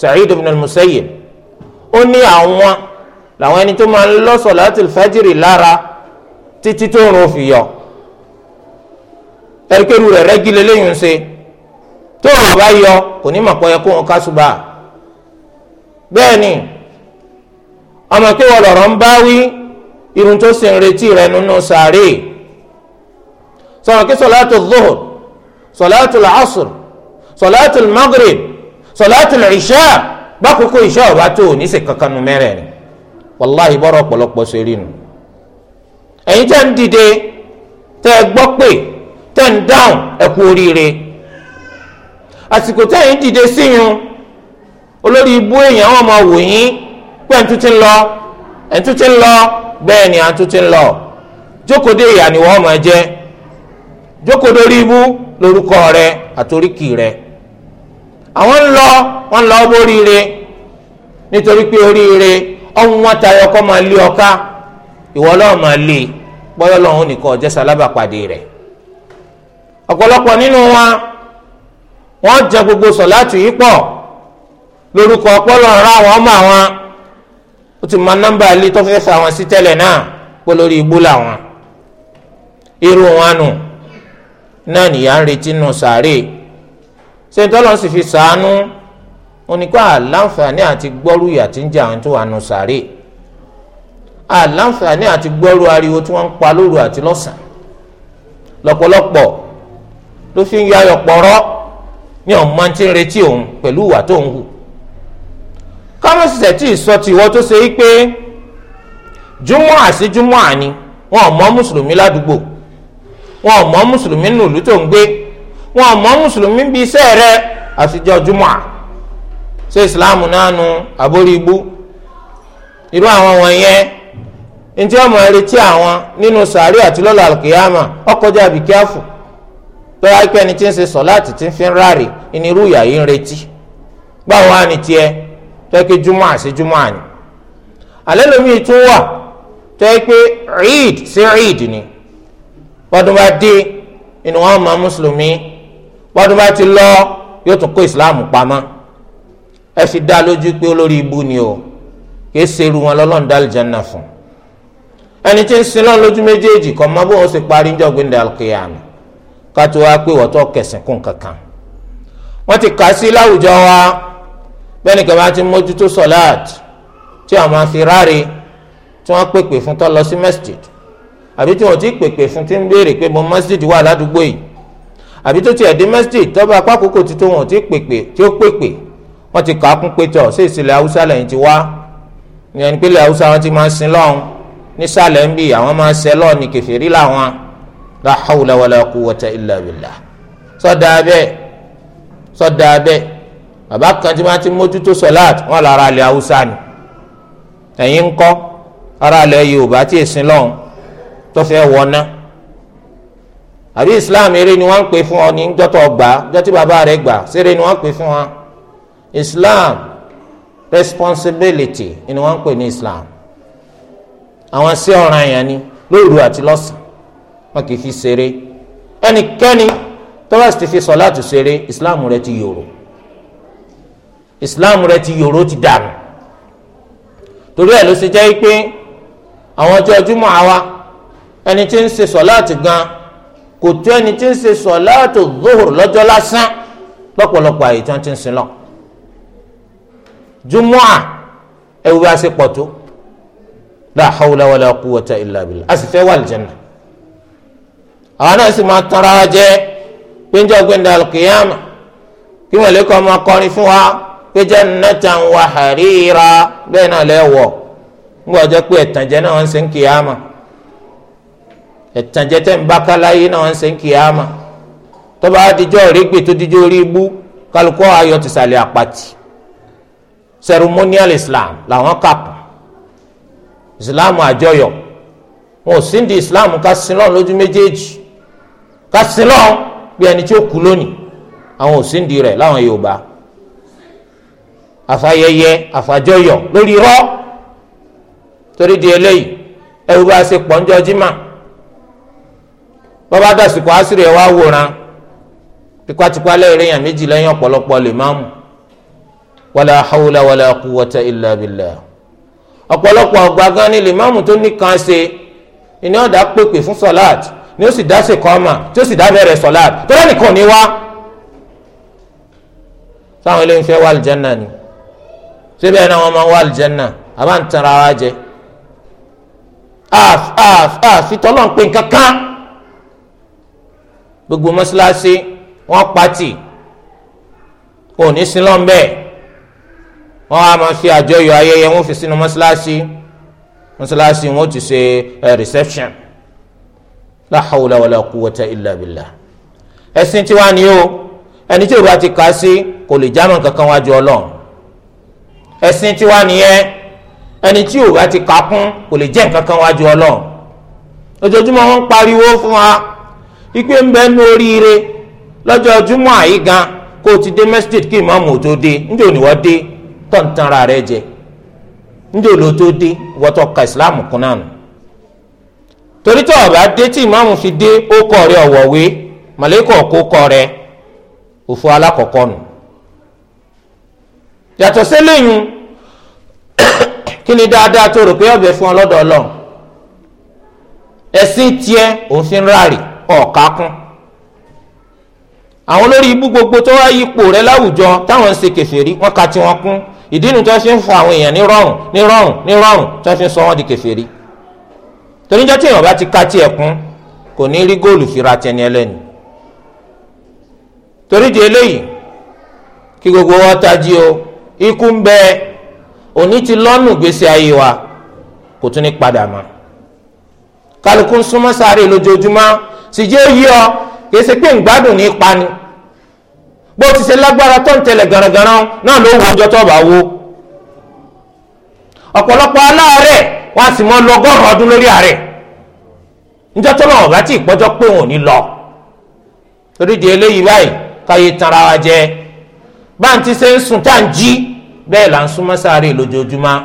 Sa'id ibn al-Musayyib ó ní àwọn làwọn ẹni tó máa ń lọ́sọ̀ láti fẹ́jìrì lára títí tó rò fìyọ̀ ẹ̀ríkẹ́rù rẹ̀ rẹ́gí lélẹ́yìn ń ṣe tó o bá yọ kò ní màpọ̀ yẹ kó wọn ká ṣùgbà bẹ́ẹ̀ ni ọmọ pé wọ́n lọ̀rọ̀ ń bá wí irun tó sì ń retí rẹ̀ nínú sàárè sọ̀rọ̀ kí sọ̀láàtù zuhur sọ̀láàtù asr sọ̀láàtù maghrib sọ̀láàtù ìṣá bákòókò ìṣá ọ̀bá tó o ní sè kankan nu mẹ́rẹ̀ẹ̀rin wàláhì bọ́rọ̀ ọ̀pọ̀lọpọ̀ ṣe rí nu ẹ̀yin tẹ́ ń dìde tẹ́ ẹ gbọ́ pé ten down ẹ̀kú oríire àsìkò tẹ̀yìn dìde síyun olórí ibú èèyàn wọn máa wò yín pé ẹ̀ńtú ti ń lọ ẹ̀ńtú ti ń lọ bẹ́ẹ̀ ni ẹ̀ńtú ti ń lọ jókòdé ìyà ni wọ́n máa jẹ́ jókòdé orí ibú lórúkọ rẹ àtoríkì rẹ àwọn ń lọ wọn ń lọ ọbọ oríire nítorí pé oríire ọ̀hún wọn tayọ kọ́ máa lé ọ̀ka ìwọ máa lé bọ́yọ́ lọ́hún nìkan ọ̀jẹ́sà lábàpàdé rẹ̀ ọ̀pọ̀lọpọ̀ nínú wa wọ́n jẹ gbogbo sọ̀láàtì yìí pọ̀ lórúkọ ọpọlọ ńlá àwọn ọmọ àwọn ó ti mọ nọ́mbà ilé tó fẹ́ fà wọn sí tẹ́lẹ̀ náà pé lórí igbó làwọn irú wọn nù náà nìyà ń retí nù sàárè ṣé tọ́lọ́ sì fi sàánú oníkó àlàǹfààní àti gbọ́rú ìyà tí ń jẹ àwọn tó wà nù sàárè àlàǹfààní àti gbọ́rú ariwo tí wọ́n ń pa lóru àti lọ́sàn lọ́pọ̀lọpọ̀ ló fi ń yọ ayọ̀ pọ̀rọ́ ní ọ̀n máa ti ń retí òun pẹ̀lú ìwà tó ń hù kọ́mọ̀sì tí ì sọ tiwọ́ tó ṣe pé júmọ́ àti júmọ́ àní wọn ò mọ mùsùlùmí ládùúgbò wọn ò mọ mùsùlùmí nùlú tó ń gbé wọn ò mọ mùsùlùmí bí iṣẹ́ rẹ àtijọ́ júmọ́ à ṣé ìsìláàmù náà nu àbórí ibú irú àwọn retí àwọn tó wá pé ẹni tí ń ṣe sọ̀láàtì tí ń fi ń ráre ẹni irú ìyá yìí ń retí báwo wá ní tiẹ̀ tó júmọ́ àṣẹ júmọ́ àní. alẹ́ lomi tún wà tó pé eid sí eid ni bọ́dún bá dé inú wọn mọ mùsùlùmí bọ́dún bá ti lọ yóò tún kó ìsìláàmù pamọ́ ẹ sì dá lójú pé olórí ibu ni o kì í ṣerú wọn lọ́lọ́run dá àlùjánnà fún ẹni tí ń sin lọ́n lójú méjèèjì kọ́ mọ́ bóun ṣe parí ń jọ́gbìn dàlùkìyàmù kátó wá pé wọ́tọ́ kẹsìn kún kankan wọ́n ti kà sí láwùjọ wa bẹ́ẹ̀ nìkan bá ti mójútó sọ̀láàt tí àwọn máa fi ráre tí wọ́n pèpè fún tó lọ sí masjid àbí tí wọ́n ti pèpè fún tí ń béèrè pé mo masjid wà ládùúgbò yìí àbí tó tiẹ̀ dé masjid tọ́ba apákòókò ti tó wọn ti pèpè tí ó pèpè wọ́n ti kà á kún pé tọ̀ sí ìsìlẹ̀ haúsá lẹ́yìn ti wá ìyẹn ní haúsá wọn ti máa sin lọ́hùn nísàlẹ̀ ń bì àwọn máa ń sẹ́ lọ́ọ̀ ní kẹfẹ́rí làwọn la hawla wala quwwata illa billah sọdọ abẹ sọdọ abẹ bàbá kan tí wọn ti mójútó sọláàt wọn lára ilẹ̀ haúsá ni ẹ̀yin ń kọ́ ara ilẹ̀ yorùbá tí èsì lọ́hùn tó fẹ́ wọná àbí islam eré ni wọ́n pè fún ọ ní jọ́tọ̀ gbà jọ́tí bàbá rẹ̀ gbà séré ni wọ́n pè fún ọ islam responsibility ni wọ́n ń pè ní islam àwọn sí ọ̀ràn yẹn ni lóru àti lọ́sàn wọn kì í fi ṣeré ẹnikẹ́ni tó bá ti fi sọ̀láàtù ṣeré ìsìláàmù rẹ ti yòrò ìsìláàmù rẹ ti yòrò ti dànù torí ẹ̀ ló ṣe jẹ́ pé àwọn ọjọ́ ọjúmọ́ àwa ẹni tí ń ṣe sọ̀láàtù gan kò tó ẹni tí ń ṣe sọ̀láàtù zuhur lọ́jọ́ lásán lọ́pọ̀lọpọ̀ àyè tí wọ́n ti ń sin lọ. júmọ́ à ẹ̀wù bá ṣe pọ̀ tó la hawla wala quwwata illa billah a sì fẹ́ wà lìjẹ̀nà àwọn náà sì máa tanra wa jẹ péjọ gbẹndẹ alùkìyàmà kí mọ̀lẹ́kọ̀ máa kọrin fún wa péjọ nàtàn wà hàríra bẹ́ẹ̀ náà lẹ́wọ̀ ń bọ̀ jẹ́ pé ẹ̀tànjẹ́ náà ń sìn kìyàmà ẹ̀tànjẹ́ tẹ̀ ń bákàláyé náà ń sìn kìyàmà tọ́ba adijọ́ rígbì tó dijọ́ rí ibú kálukọ́ ayọ̀ tìsàlẹ̀ àpàtì ceremonial islam làwọn kàpọ̀ islam àjọyọ̀ wọn ò sí ní islam ká sinlọ́ọ̀ lójú méjèèjì kásìlọ́ pé ẹni tí ó kú lónìí àwọn òsíndìí rẹ̀ láwọn Yorùbá àfàyẹyẹ àfàjọyọ̀ lórí rọ́ torí di eléyìí ẹrú bá ṣe pọ́njọ́ jimá bọ́bá dàsìkò àṣírí ẹ̀ wá wòran tipátipá lẹ́yìn èèyàn méjì lẹ́yìn ọ̀pọ̀lọpọ̀ lè máa mú wàlà hawla wàlà quwwata illa billah ọ̀pọ̀lọpọ̀ ọ̀gbà gan ni lè máa mú tó ní kan ṣe ìní ọ̀dà pèpè fún sọ́láàtì ni ó sì dá sí kọ́mà tí ó sì dá bẹ̀rẹ̀ sọ̀lá tó lẹ́nìkan ní wá. sáwọn eléyìí fẹ́ wà lìjẹ́nà ni síbẹ̀ náà wọ́n máa wà lìjẹ́nà àbá ń tanra ara jẹ. àfitọ́ náà ń pè kankan gbogbo mọ́ṣáláṣí wọ́n pati kò ní sí lọ́nbẹ́ẹ̀ wọ́n á máa fi àjọyọ̀ ayẹyẹ wọn fi sínú mọ́ṣáláṣí mọ́ṣáláṣí wọn ti ṣe eh, reception la hawla wala quwwata illa billah ẹ̀sìn tiwa ni o ẹni tí ìrora ti kà sí kò lè jámọ́ kankan wájú Ọlọ́run ẹ̀sìn tiwa nìyẹn ẹni tí ìrora ti kà kún kò lè jẹ́ nǹkan kan wájú Ọlọ́run ojoojúmọ́ wọn ń pariwo fún wa ikpe ń bẹ ní oríire lọ́jọ́ júmọ́ àyí gan kó o ti dé mẹ́sítẹ̀tì kí ìmọ̀ọ́mù ò tó dé níjẹ́ òní wọ́n dé tọ̀ǹtàn ara rẹ jẹ níjẹ́ òní ò tó dé wọ́tọ̀ ka ìsìláàmù kún náà nù torí tó o bá dé tí ìmáàmù fi dé ó kọ rẹ ọ̀wọ̀wé màlẹ́kọ̀ kó kọ rẹ òfò alákọ̀ọ́kọ́ nù. yàtọ̀ sẹ́lẹ̀yìn <coughs> kí ni dáadáa tó rò pé ọ̀bẹ fún ọ lọ́dọ̀ ọlọ́run ẹ̀sìn tiẹ̀ òfin ráàrì ọ̀kákún àwọn olórí ibú gbogbo tó wá yípo rẹ láwùjọ táwọn ń ṣe kèfèrí wọn ka tí wọn kún ìdí nu tó fi ń fa àwọn èèyàn ní rọrùn ní tó fi ń sọ wọn di kèfèrí toríjọ́ tí èèyàn bá ti ka tiẹ̀ kún kò ní rí góòlù fi ra tẹni ẹlẹ́ni torí di eléyìí kí gbogbo wa tají o ikú ń bẹ òní ti lọ́nù gbèsè ayé wa kò tún ní padà mọ́ kálukú ń súnmọ́ sáré lójoojúmọ́ sì jẹ́ yí ọ kì í ṣe pé ńgbádùn ní pani bó ti ṣe lágbára tó ń tẹ̀lé garagaran náà ló wù ọjọ́ tó bá wó ọ̀pọ̀lọpọ̀ aláàárẹ̀ wọ́n á sì mọ́ lọ́gọ́rùn ọdún lórí àárẹ̀ níjọ́ tó lọ́wọ́ bá tí ìpọ́jọ́ pé òun ò ní lọ torí di eléyìí báyìí káyé tanra wa jẹ bá ń ti ṣe ń sùn tá à ń jí bẹ́ẹ̀ là ń súnmọ́ sáré lójoojúmọ́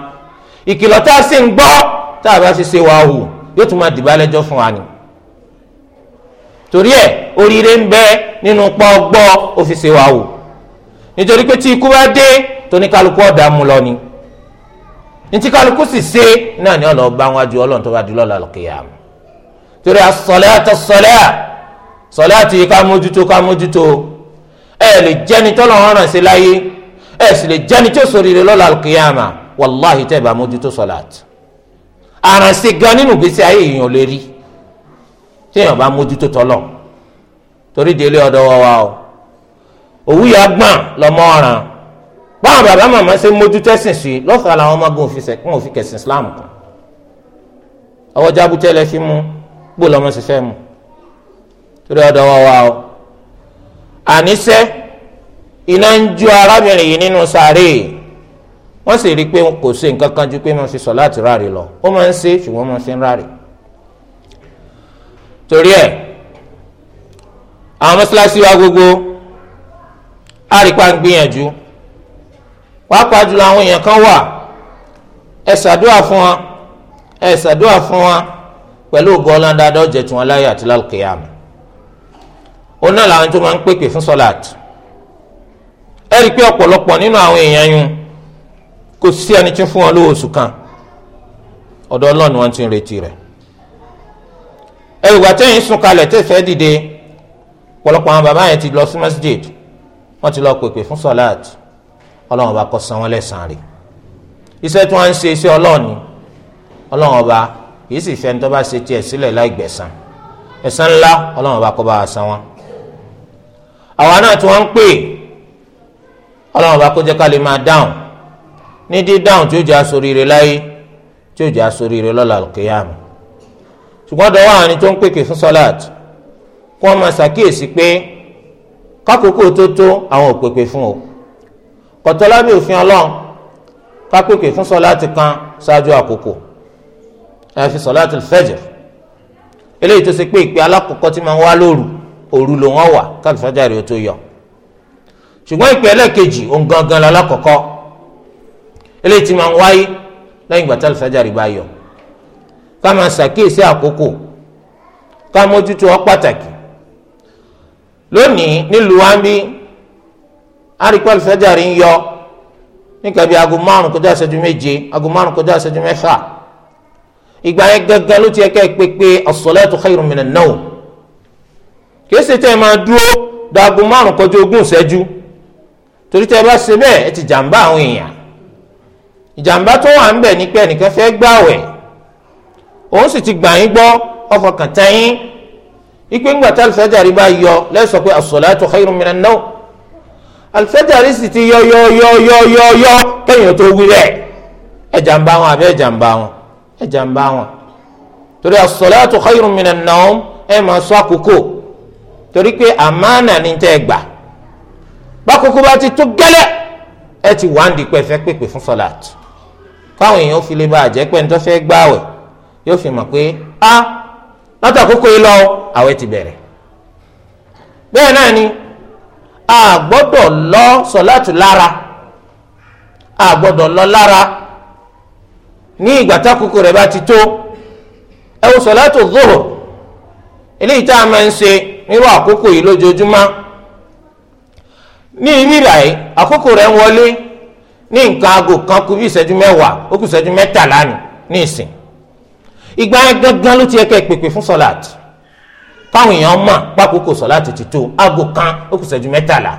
ìkìlọ̀ tá a sì ń gbọ́ tá a bá ti ṣe wàá hù yóò tún máa dìbò alẹ́jọ́ fún wa ni torí ẹ̀ oríire ń bẹ nínú pọ́ gbọ́ ó fi ṣe wàá hù nítorí pé tí ikú bá dé tóníkálukú ọ̀dà mú lọ ni ntí kálukú si ṣe náà ni ọlọ́ọ̀ bá wájú ọlọ́run tó bá di lọ́la lọ́kìyàm torí asọ̀lẹ́ àtọ̀sọ̀lẹ́ sọ̀lẹ́ àti ká mójútó ká mójútó ẹ lè jẹ́ni tọ́lọ̀ wọn ràn sí láyé ẹ sì lè jẹ́ni tó sòrìrì lọ́la lọ́kìyàmà wàláhì tẹ́ bá mójútó sọ̀lẹ́ àti àrànṣe gan nínú gbèsè ayé èèyàn lè rí téèyàn bá mójútó tọ́lọ̀ torí délé ọ̀dọ́ wa o òwúyà gbọ̀n báwọn bàbá màmá ṣe mójú tẹ́sìn sí lọ́sàn-án làwọn ọmọọgbọ́n òfin sẹ́kún òfin kẹsìn Islam kan ọwọ́ jábútẹ́ lẹ fi mú gbó lọ́mọ ṣiṣẹ́ mu torí ọ̀dọ̀ wọn wá o àníṣẹ́ iná ń ju arábìnrin yìí nínú sàárè wọ́n sì rí i pé kò ṣe nǹkan kan ju pé máa ń ṣe sọ láti ráre lọ ó máa ń ṣe ṣùgbọ́n máa ń ṣe ń ráre torí ẹ̀ àwọn mọ́ṣáláṣí wa gbogbo á rí i pa ń gbìyànjú pàápàá jùlọ àwọn èèyàn kan wà ẹ ṣàdúrà fún wa ẹ ṣàdúrà fún wa pẹ̀lú ògo ọlọ́run dáadáa ọ̀jẹ̀ tí wọ́n láyé àti lálùkìyàmù òun náà làwọn tó máa ń pèpè fún sọ́làt ẹ rí i pé ọ̀pọ̀lọpọ̀ nínú àwọn èèyàn yun kò sí ẹni tí ń fún wọn lówó kan ọ̀dọ̀ ọlọ́run wọn ti ń retí rẹ̀ ẹ ìgbà tẹ́yìn sùn kalẹ̀ tẹ́fẹ́ dìde ọ̀pọ̀lọpọ̀ àwọn bàbá yẹn ti lọ sí masjid wọ́n ti lọ pèpè fún sọ́làt ọlọ́run ọba kó san wọ́n lẹ́san rẹ̀ iṣẹ́ tí wọ́n ń ṣe iṣẹ́ ọlọ́run ni ọlọ́run ọba kìí sì fẹ́ni tó bá ṣe tiẹ̀ sílẹ̀ láì gbẹ̀san ẹ̀san ńlá ọlọ́run ọba kó bá wa san wọ́n. àwa náà tí wọ́n ń pè ọlọ́run ọba kó jẹ́ ká lè máa dáhùn ní dídáhùn tí ó jẹ́ asoríire láyé tí ó jẹ́ asoríire lọ́la alqiyama ṣùgbọ́n dọ̀wọ́ àwọn ẹni tó ń pèkè fún sọ́láàtì kó wọ́n máa ṣàkíyèsí pé kákòókò tó tó àwọn ò fún o kọ̀tọ́ lábẹ́ òfin ọlọ́run kápẹ́kè fún sọláàtì kan ṣáájú àkókò àyàfi sọláàtì fẹ́jẹ̀ eléyìí tó ṣe pé ìpè alákọ̀ọ́kọ́ tí máa ń wá lóru òru ló wọ́n wà káàkiri fájàre ó tó yọ ṣùgbọ́n ìpè ẹlẹ́ẹ̀kejì òun gangan lálákọ̀ọ́kọ́ eléyìí tí máa ń wáyé lẹ́yìn ìgbà tí alifájàre bá yọ ká máa ṣàkíyèsí àkókò ká mójútó ọ pàtàkì lónìí nílùú wa ń bí àríkọ́ àlùfájàrí ń yọ nígbà bíi aago márùn kọjá ìṣẹ́jú méje aago márùn kọjá ìṣẹ́jú mẹ́fà ìgbà yẹn gángan ló ti yẹ ká ẹ pé pé as-salatu khayrun minan nawm kìí ṣe tẹ́ ẹ máa dúró daago márùn kọjá ogún ìṣẹ́jú torí tẹ́ ẹ bá ṣe bẹ́ẹ̀ ẹ ti jàǹbá àwọn èèyàn ìjàǹbá tó wà ń bẹ̀ ní pé ẹnìkan fẹ́ òun sì ti gbà yín gbọ́ ọfọkàn tẹ́yìn ìpéǹgbà tá àlùfájàrí bá yọ lẹ́sọ̀ pé as-salatu khayrun minan nawm alifẹ́jàrí sì ti yọ yọ yọ yọ yọ yọ kẹ́yìn tó wí rẹ̀ ẹ̀jà ń bá wọn àbí ẹ̀jà ń bá wọn ẹ̀jà ń bá wọn torí as-salatu khayrun minan nawm ẹ̀ máa sọ àkókò torí pé àmánà ni tẹ́ ẹ gbà bákòókò bá ti tó gẹ́lẹ́ ẹ ti wá ń di pẹ́ fẹ́ pèpè fún sọ̀láàtù káwọn èèyàn fi lè bá àjẹ́ pé nítorí fẹ́ gbààwẹ̀ yóò fi mọ̀ pé a ah, látàkókò yìí lọ àwẹ̀ ti bẹ̀rẹ̀ bẹ́ẹ̀ náà ni a lọ sọ̀láàtù lára a lọ lára ní ìgbà tákòkò rẹ̀ bá ti tó ẹ wo sọ̀láàtù eléyìí tá a máa ń ṣe nírú àkókò yìí lójoojúmọ́ ní ibi aago kan kù bí ìṣẹ́jú mẹ́wàá ó kù ìṣẹ́jú mẹ́tàlá ní ìsìn ìgbà yẹn gangan ló ti yẹ kẹ́ pèpè káwọn èèyàn mọ̀ pákókò sọ láti tó aago kan ó kù ṣẹ́jú mẹ́tàlá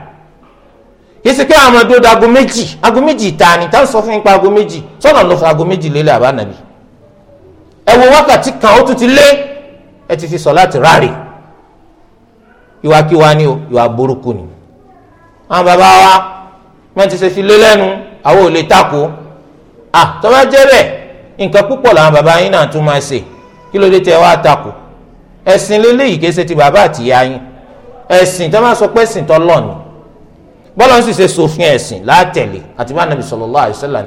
yìí sì pé àwọn ọmọdé ó da aago méjì aago méjì ìta ni táwọn sọ fún yín pa aago méjì sọ́nà ló fa aago méjì lélẹ̀ àbánàbí ẹ wo wákàtí kan ó tún ti lé ẹ ti fi sọ láti ráre ìwàkiwà ni o ìwà burúkú ni àwọn bàbá wa wọ́n ti ṣe fi lé lẹ́nu àwọn ò lè takò à tọ́wọ́ jẹ́ bẹ́ẹ̀ nǹkan púpọ̀ làwọn bàbá yín náà tún máa ṣe kí ló dé tẹ́ wá ẹ̀sìn lélẹ́yìí kìí ti bàbá àtìyá yín ẹ̀sìn tó máa sọ pé ẹ̀sìn tó lọ ni bọ́lá ń sì ṣe sòfin ẹ̀sìn látẹ̀lé àti bá nàbì ti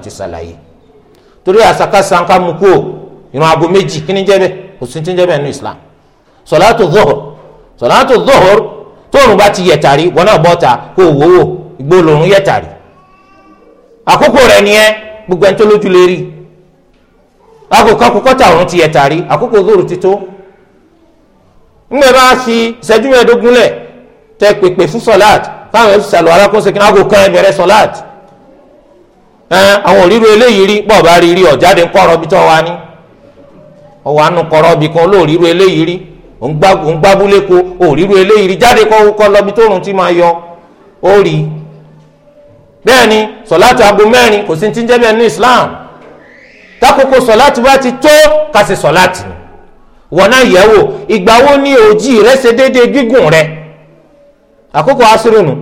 ṣàlàyé torí àṣàkáṣà ń ká mú kú ò ni ti ń Islam sọ̀látò dọ́hùr sọ̀látò dọ́hùr tóòrùn bá ti yẹ̀tàrí wọn náà bọ́ta kó wò wò igbó lòrùn yẹ̀tàrí àkókò rẹ̀ gbogbo ẹni tó lójú lè ńgbẹ bá fi ìṣẹ́jú mẹ́ẹ̀ẹ́dógún lẹ̀ tẹ pèpè fún sọláàtì fáwọn ẹ̀sùn sàlọ̀ alákóso kí náà kò kán ẹ̀bẹ̀rẹ̀ sọláàtì àwọn òríru eléyìí rí pọ̀ bá rí rí ọ̀jáde ńkọ̀rọ̀ bí tó wà ní ọ̀wà nù kọ̀rọ̀ bí kan olóòríru eléyìí rí òun gbábúlé ko òríru eléyìí rí jáde kọ́ lọ bí tó rùn tí máa yọ ó rí bẹ́ẹ̀ ni sọ̀láàtì aago mẹ́rin kò sí ti ń jẹ́ bẹ́ẹ̀ ní Islam wọ́n náà yẹ̀ wò ni òjì rẹ ṣe déédéé gígùn rẹ àkókò asírìnù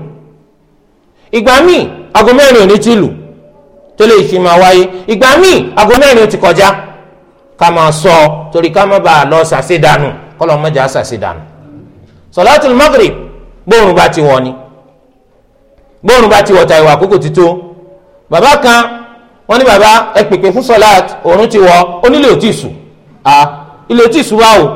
ìgbà míì aago mẹ́rin ò ní ti lù tó lè fi máa wáyé ìgbà míì aago mẹ́rin ò ti kọjá ká máa sọ torí ká má bàa lọ ṣàṣedànù kọlọ mọjà ṣàṣedànù sọláàtì magrib bóòrùn bá ti wọ̀ ni bóòrùn bá ti wọ̀ ta ìwà àkókò ti bàbá kan wọ́n ní bàbá ẹ pèpè fún sọláàtì òòrùn ti wọ̀ onílé ò tí ì sùn a ilé tí ìṣúra o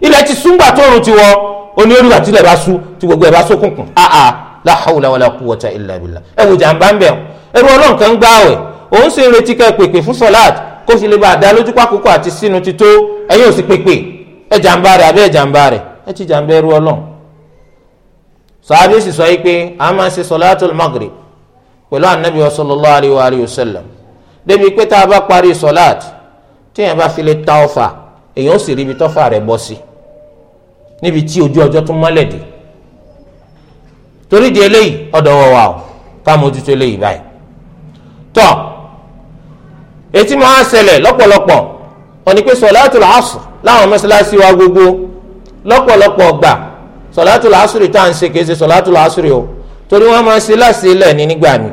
ilé tí súngbà tóorùn ti wọ oní olùgbà tí ilẹ̀ bá sú tí gbogbo ẹ̀ bá sókùnkùn àà la hawla wala quwwata illa billah ẹ wò jàǹbá ń bẹ̀ ẹrú ọlọ́run kan gbá wẹ̀ òun sì ń retí ká pèpè fún sọláàt kó sì lè bá a dá lójú pákókó àti sínú ti tó ẹ̀yin ò sì pèpè ẹ jàǹbá rẹ̀ àbẹ́ ẹ jàǹbá rẹ̀ ẹ ti jàǹbá ẹrú ọlọ́run sàbí sì sọ yìí pé èèyàn ó sì rí ibi tọ́fà rẹ̀ bọ́ sí níbi tí ojú ọjọ́ tún mọ́lẹ̀ dé torí di eléyìí ọ̀dọ̀ wọ̀ wà ó ká mójútó eléyìí báyìí tọ́ etí máa ń ṣẹlẹ̀ lọ́pọ̀lọpọ̀ wọ́n ní pé sọ̀láàtù làásù láwọn mọ́ṣáláṣí wa gbogbo lọ́pọ̀lọpọ̀ gbà sọ̀láàtù làásù rí tá à ń ṣe kìí ṣe sọ̀láàtù rí o torí wọ́n máa ń ṣe láṣìí lẹ̀ ní nígbà mi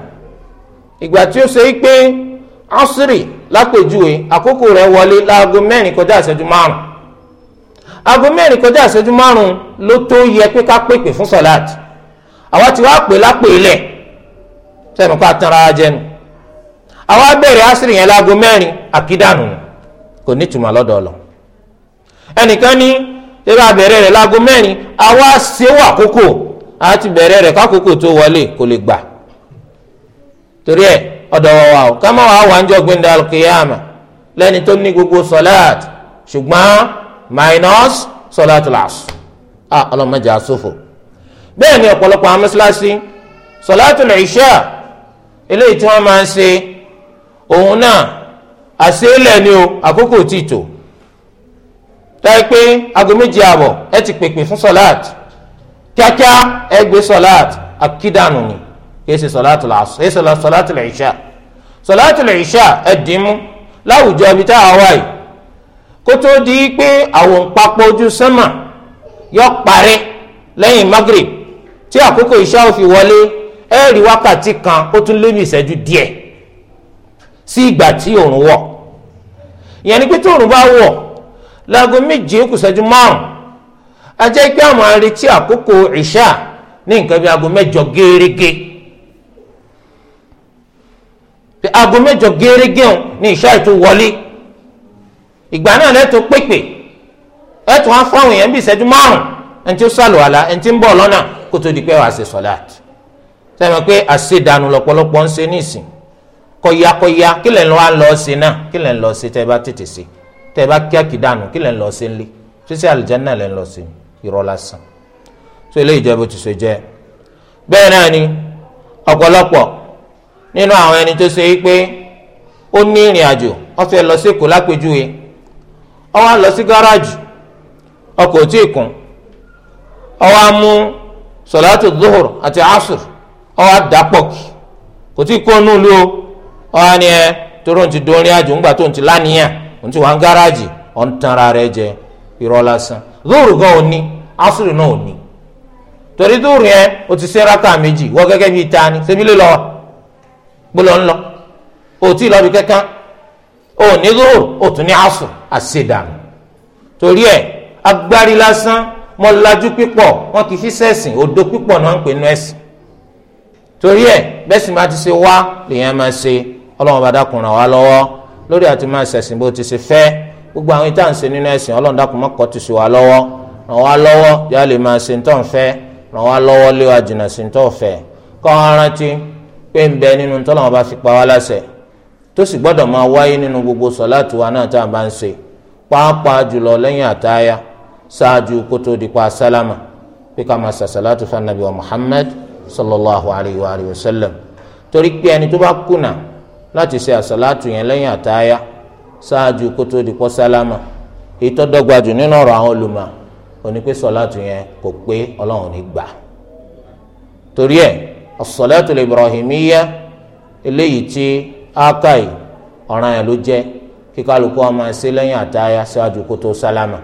ìgbà tí ó ṣe é pé asiri lápèjúwe àkókò rẹ̀ wọlé láago mẹ́rin kọjá ìṣẹ́jú márùn aago mẹ́rin kọjá ìṣẹ́jú márùn ló tó yẹ pé ká pèpè fún sọ̀láàt àwa ti wá pè lápè ilẹ̀ sẹ́nu kó àtàrà jẹnu àwa bẹ̀rẹ̀ asiri yẹn láago mẹ́rin àkídànù kò ní ìtumọ̀ lọ́dọ̀ ọ̀lọ́ ẹnìkan ní eré abẹ̀rẹ̀ rẹ̀ láago mẹ́rin àwa ṣéwà àkókò àti bẹ̀rẹ̀ rẹ̀ kákòókò tó wọlé kò lè gbà torí ẹ̀ ọ̀dọ̀ wa o ká má wàá wà ń jọ gbẹndé alukiyama lẹ́ni tó ní gbogbo sọláàt ṣùgbọ́n minus sọláàt làásù a ọlọ́mọdé àsòfò bẹ́ẹ̀ ni ọ̀pọ̀lọpọ̀ amúsíláṣí sọláàt làìṣà eléyìí tí wọ́n máa ń ṣe òun náà àṣeélẹ̀ ni o àkókò tí ì tò táyé pé aago méje àbọ̀ ẹ ti pèpè fún sọláàt kíákíá ẹ gbé sọláàt àkídànù ni yéésì sọláàtù làásù yéésì sọláàtù làìṣà sọláàtù làìṣà ẹ̀dínmú láwùjọ ibi tá a wà yìí kó tó di pé àwọn papọ̀ ojú sánmà yọ parí lẹ́yìn magrib tí àkókò ìṣá ò fi wọlé ẹ rí wákàtí kan ó tún lé ní ìṣẹ́jú díẹ̀ sí ìgbà tí òòrùn wọ̀ ìyẹn ni pé tí òòrùn bá wọ̀ láago méje kù ìṣẹ́jú márùn-ún pé a máa àkókò ìṣá ní nǹkan bí aago mẹ́jọ gẹ́rẹ́gẹ́ pé aago mẹ́jọ gẹ́rẹ́gẹ́ òun ní ìṣá ètò wọlé ìgbà náà lẹ́tọ̀ pépè ẹ̀tọ́ wọn fáwọn èèyàn bí ìṣẹ́jú márùn ẹni tí ó sàlù àlá ẹni tí ń bọ̀ lọ́nà kó tó di pé wàá ṣe sọ̀láàt sẹ́mi pé àṣedànù lọ́pọ̀lọpọ̀ ń ṣe ní ìsìn kọ̀yàkọ̀yà kí lẹ̀ ń lọ́ lọ ṣe náà kí lẹ̀ ń lọ ṣe tẹ́ bá tètè ṣe tẹ́ bá kí àkìdànù kí lẹ̀ ń lọ ṣe ńlẹ̀ ṣíṣe àlùjánnà lẹ̀ ń lọ ṣe irọ́ lásán tó ilé ìjẹ́bù ti ṣe jẹ́ bẹ́ẹ̀ náà ni ọ̀pọ̀lọpọ̀ nínú àwọn ẹni tó ṣe pé ó ní ìrìn àjò ó lọ sí Èkó lápèjúwe ó lọ sí gáràjì ọkọ̀ ò tí ì mú sọ̀látù zuhur àti asur ó wá kì kò tí ì nù lú ó wá ẹ toró ti dún ìrìn àjò ńgbà tó ti lánìyàn òun ti wà gáràjì ọ̀ ń tanra jẹ irọ́ lásán zuhur gan ò ní asur náà ò ní torí zuhur o ti ṣe gbọ́dọ̀ ńlọ òtí lọ́bi kankan ò ní lóòrò òtún ní asùn àṣedànù torí ẹ agbárí lásán mọ́lájú pípọ̀ wọn kì í ṣẹ́sìn odò pípọ̀ náà ń pè nú ẹ̀sìn torí ẹ bẹ́sì máa ti ṣe wá lèèyàn máa ṣe ọlọ́run bàdá kùn ràn wá lọ́wọ́ lórí àti máa ṣẹ̀sìn bó ti ṣe fẹ́ gbogbo àwọn ìtàn ṣe nínú ẹ̀sìn ọlọ́run dákun mọ́kọ́ ti ṣe wá lọ́wọ́ ràn wá lọ́wọ́ yálè máa ṣe ń tọ́ ń fẹ́ ràn wá lọ́wọ́ léwájú náà ṣe ń tọ́ fẹ́ kọ́ ọ́n rántí pé ń bẹ nínú tọ́lọ́ wọn bá fi pa wá láṣẹ tó sì gbọ́dọ̀ máa wáyé nínú gbogbo sọ̀láàtì wa náà tá a bá ń ṣe pàápàá jùlọ lẹ́yìn àtayá ṣáájú kó tó di pa sálámà pé ká máa ṣàṣàlátù fún anabi wa Muhammad sallallahu alayhi wa alihi wa sallam torí pé ẹni tó bá kùnà láti ṣe àṣàlátù yẹn lẹ́yìn àtayá ṣáájú kó tó di pọ́ sálámà ìtọ́dọ́gbajù nínú ọ̀rọ̀ àwọn olùmọ̀ òní pé yẹn kò pé ọlọ́run ní gbà torí ẹ̀ الصلاة الإبراهيمية اللي يتي آكاي أنا يلوجة كي قالوا كوما سيلين أتايا سيادو كتو سلاما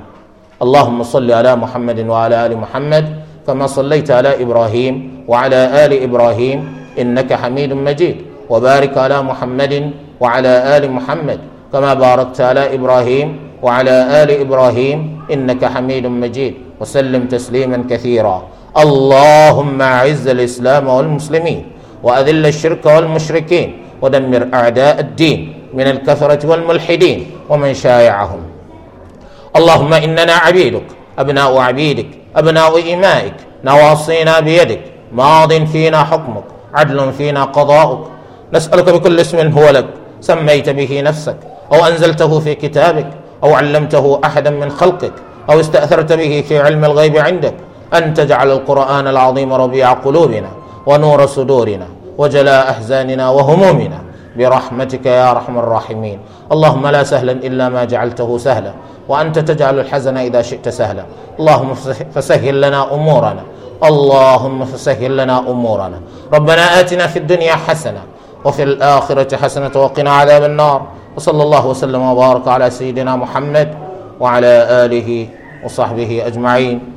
اللهم صل على محمد وعلى آل محمد كما صليت على إبراهيم وعلى آل إبراهيم إنك حميد مجيد وبارك على محمد وعلى آل محمد كما باركت على إبراهيم وعلى آل إبراهيم إنك حميد مجيد وسلم تسليما كثيرا اللهم أعز الإسلام والمسلمين وأذل الشرك والمشركين ودمر أعداء الدين من الكثرة والملحدين ومن شايعهم اللهم إننا عبيدك أبناء عبيدك أبناء إمائك نواصينا بيدك ماض فينا حكمك عدل فينا قضاؤك نسألك بكل اسم هو لك سميت به نفسك أو أنزلته في كتابك أو علمته أحدا من خلقك أو استأثرت به في علم الغيب عندك أن تجعل القرآن العظيم ربيع قلوبنا ونور صدورنا وجلاء أحزاننا وهمومنا برحمتك يا أرحم الراحمين اللهم لا سهلا إلا ما جعلته سهلا وأنت تجعل الحزن إذا شئت سهلا اللهم فسهل لنا أمورنا اللهم فسهل لنا أمورنا ربنا آتنا في الدنيا حسنة وفي الآخرة حسنة وقنا عذاب النار وصلى الله وسلم وبارك على سيدنا محمد وعلى آله وصحبه أجمعين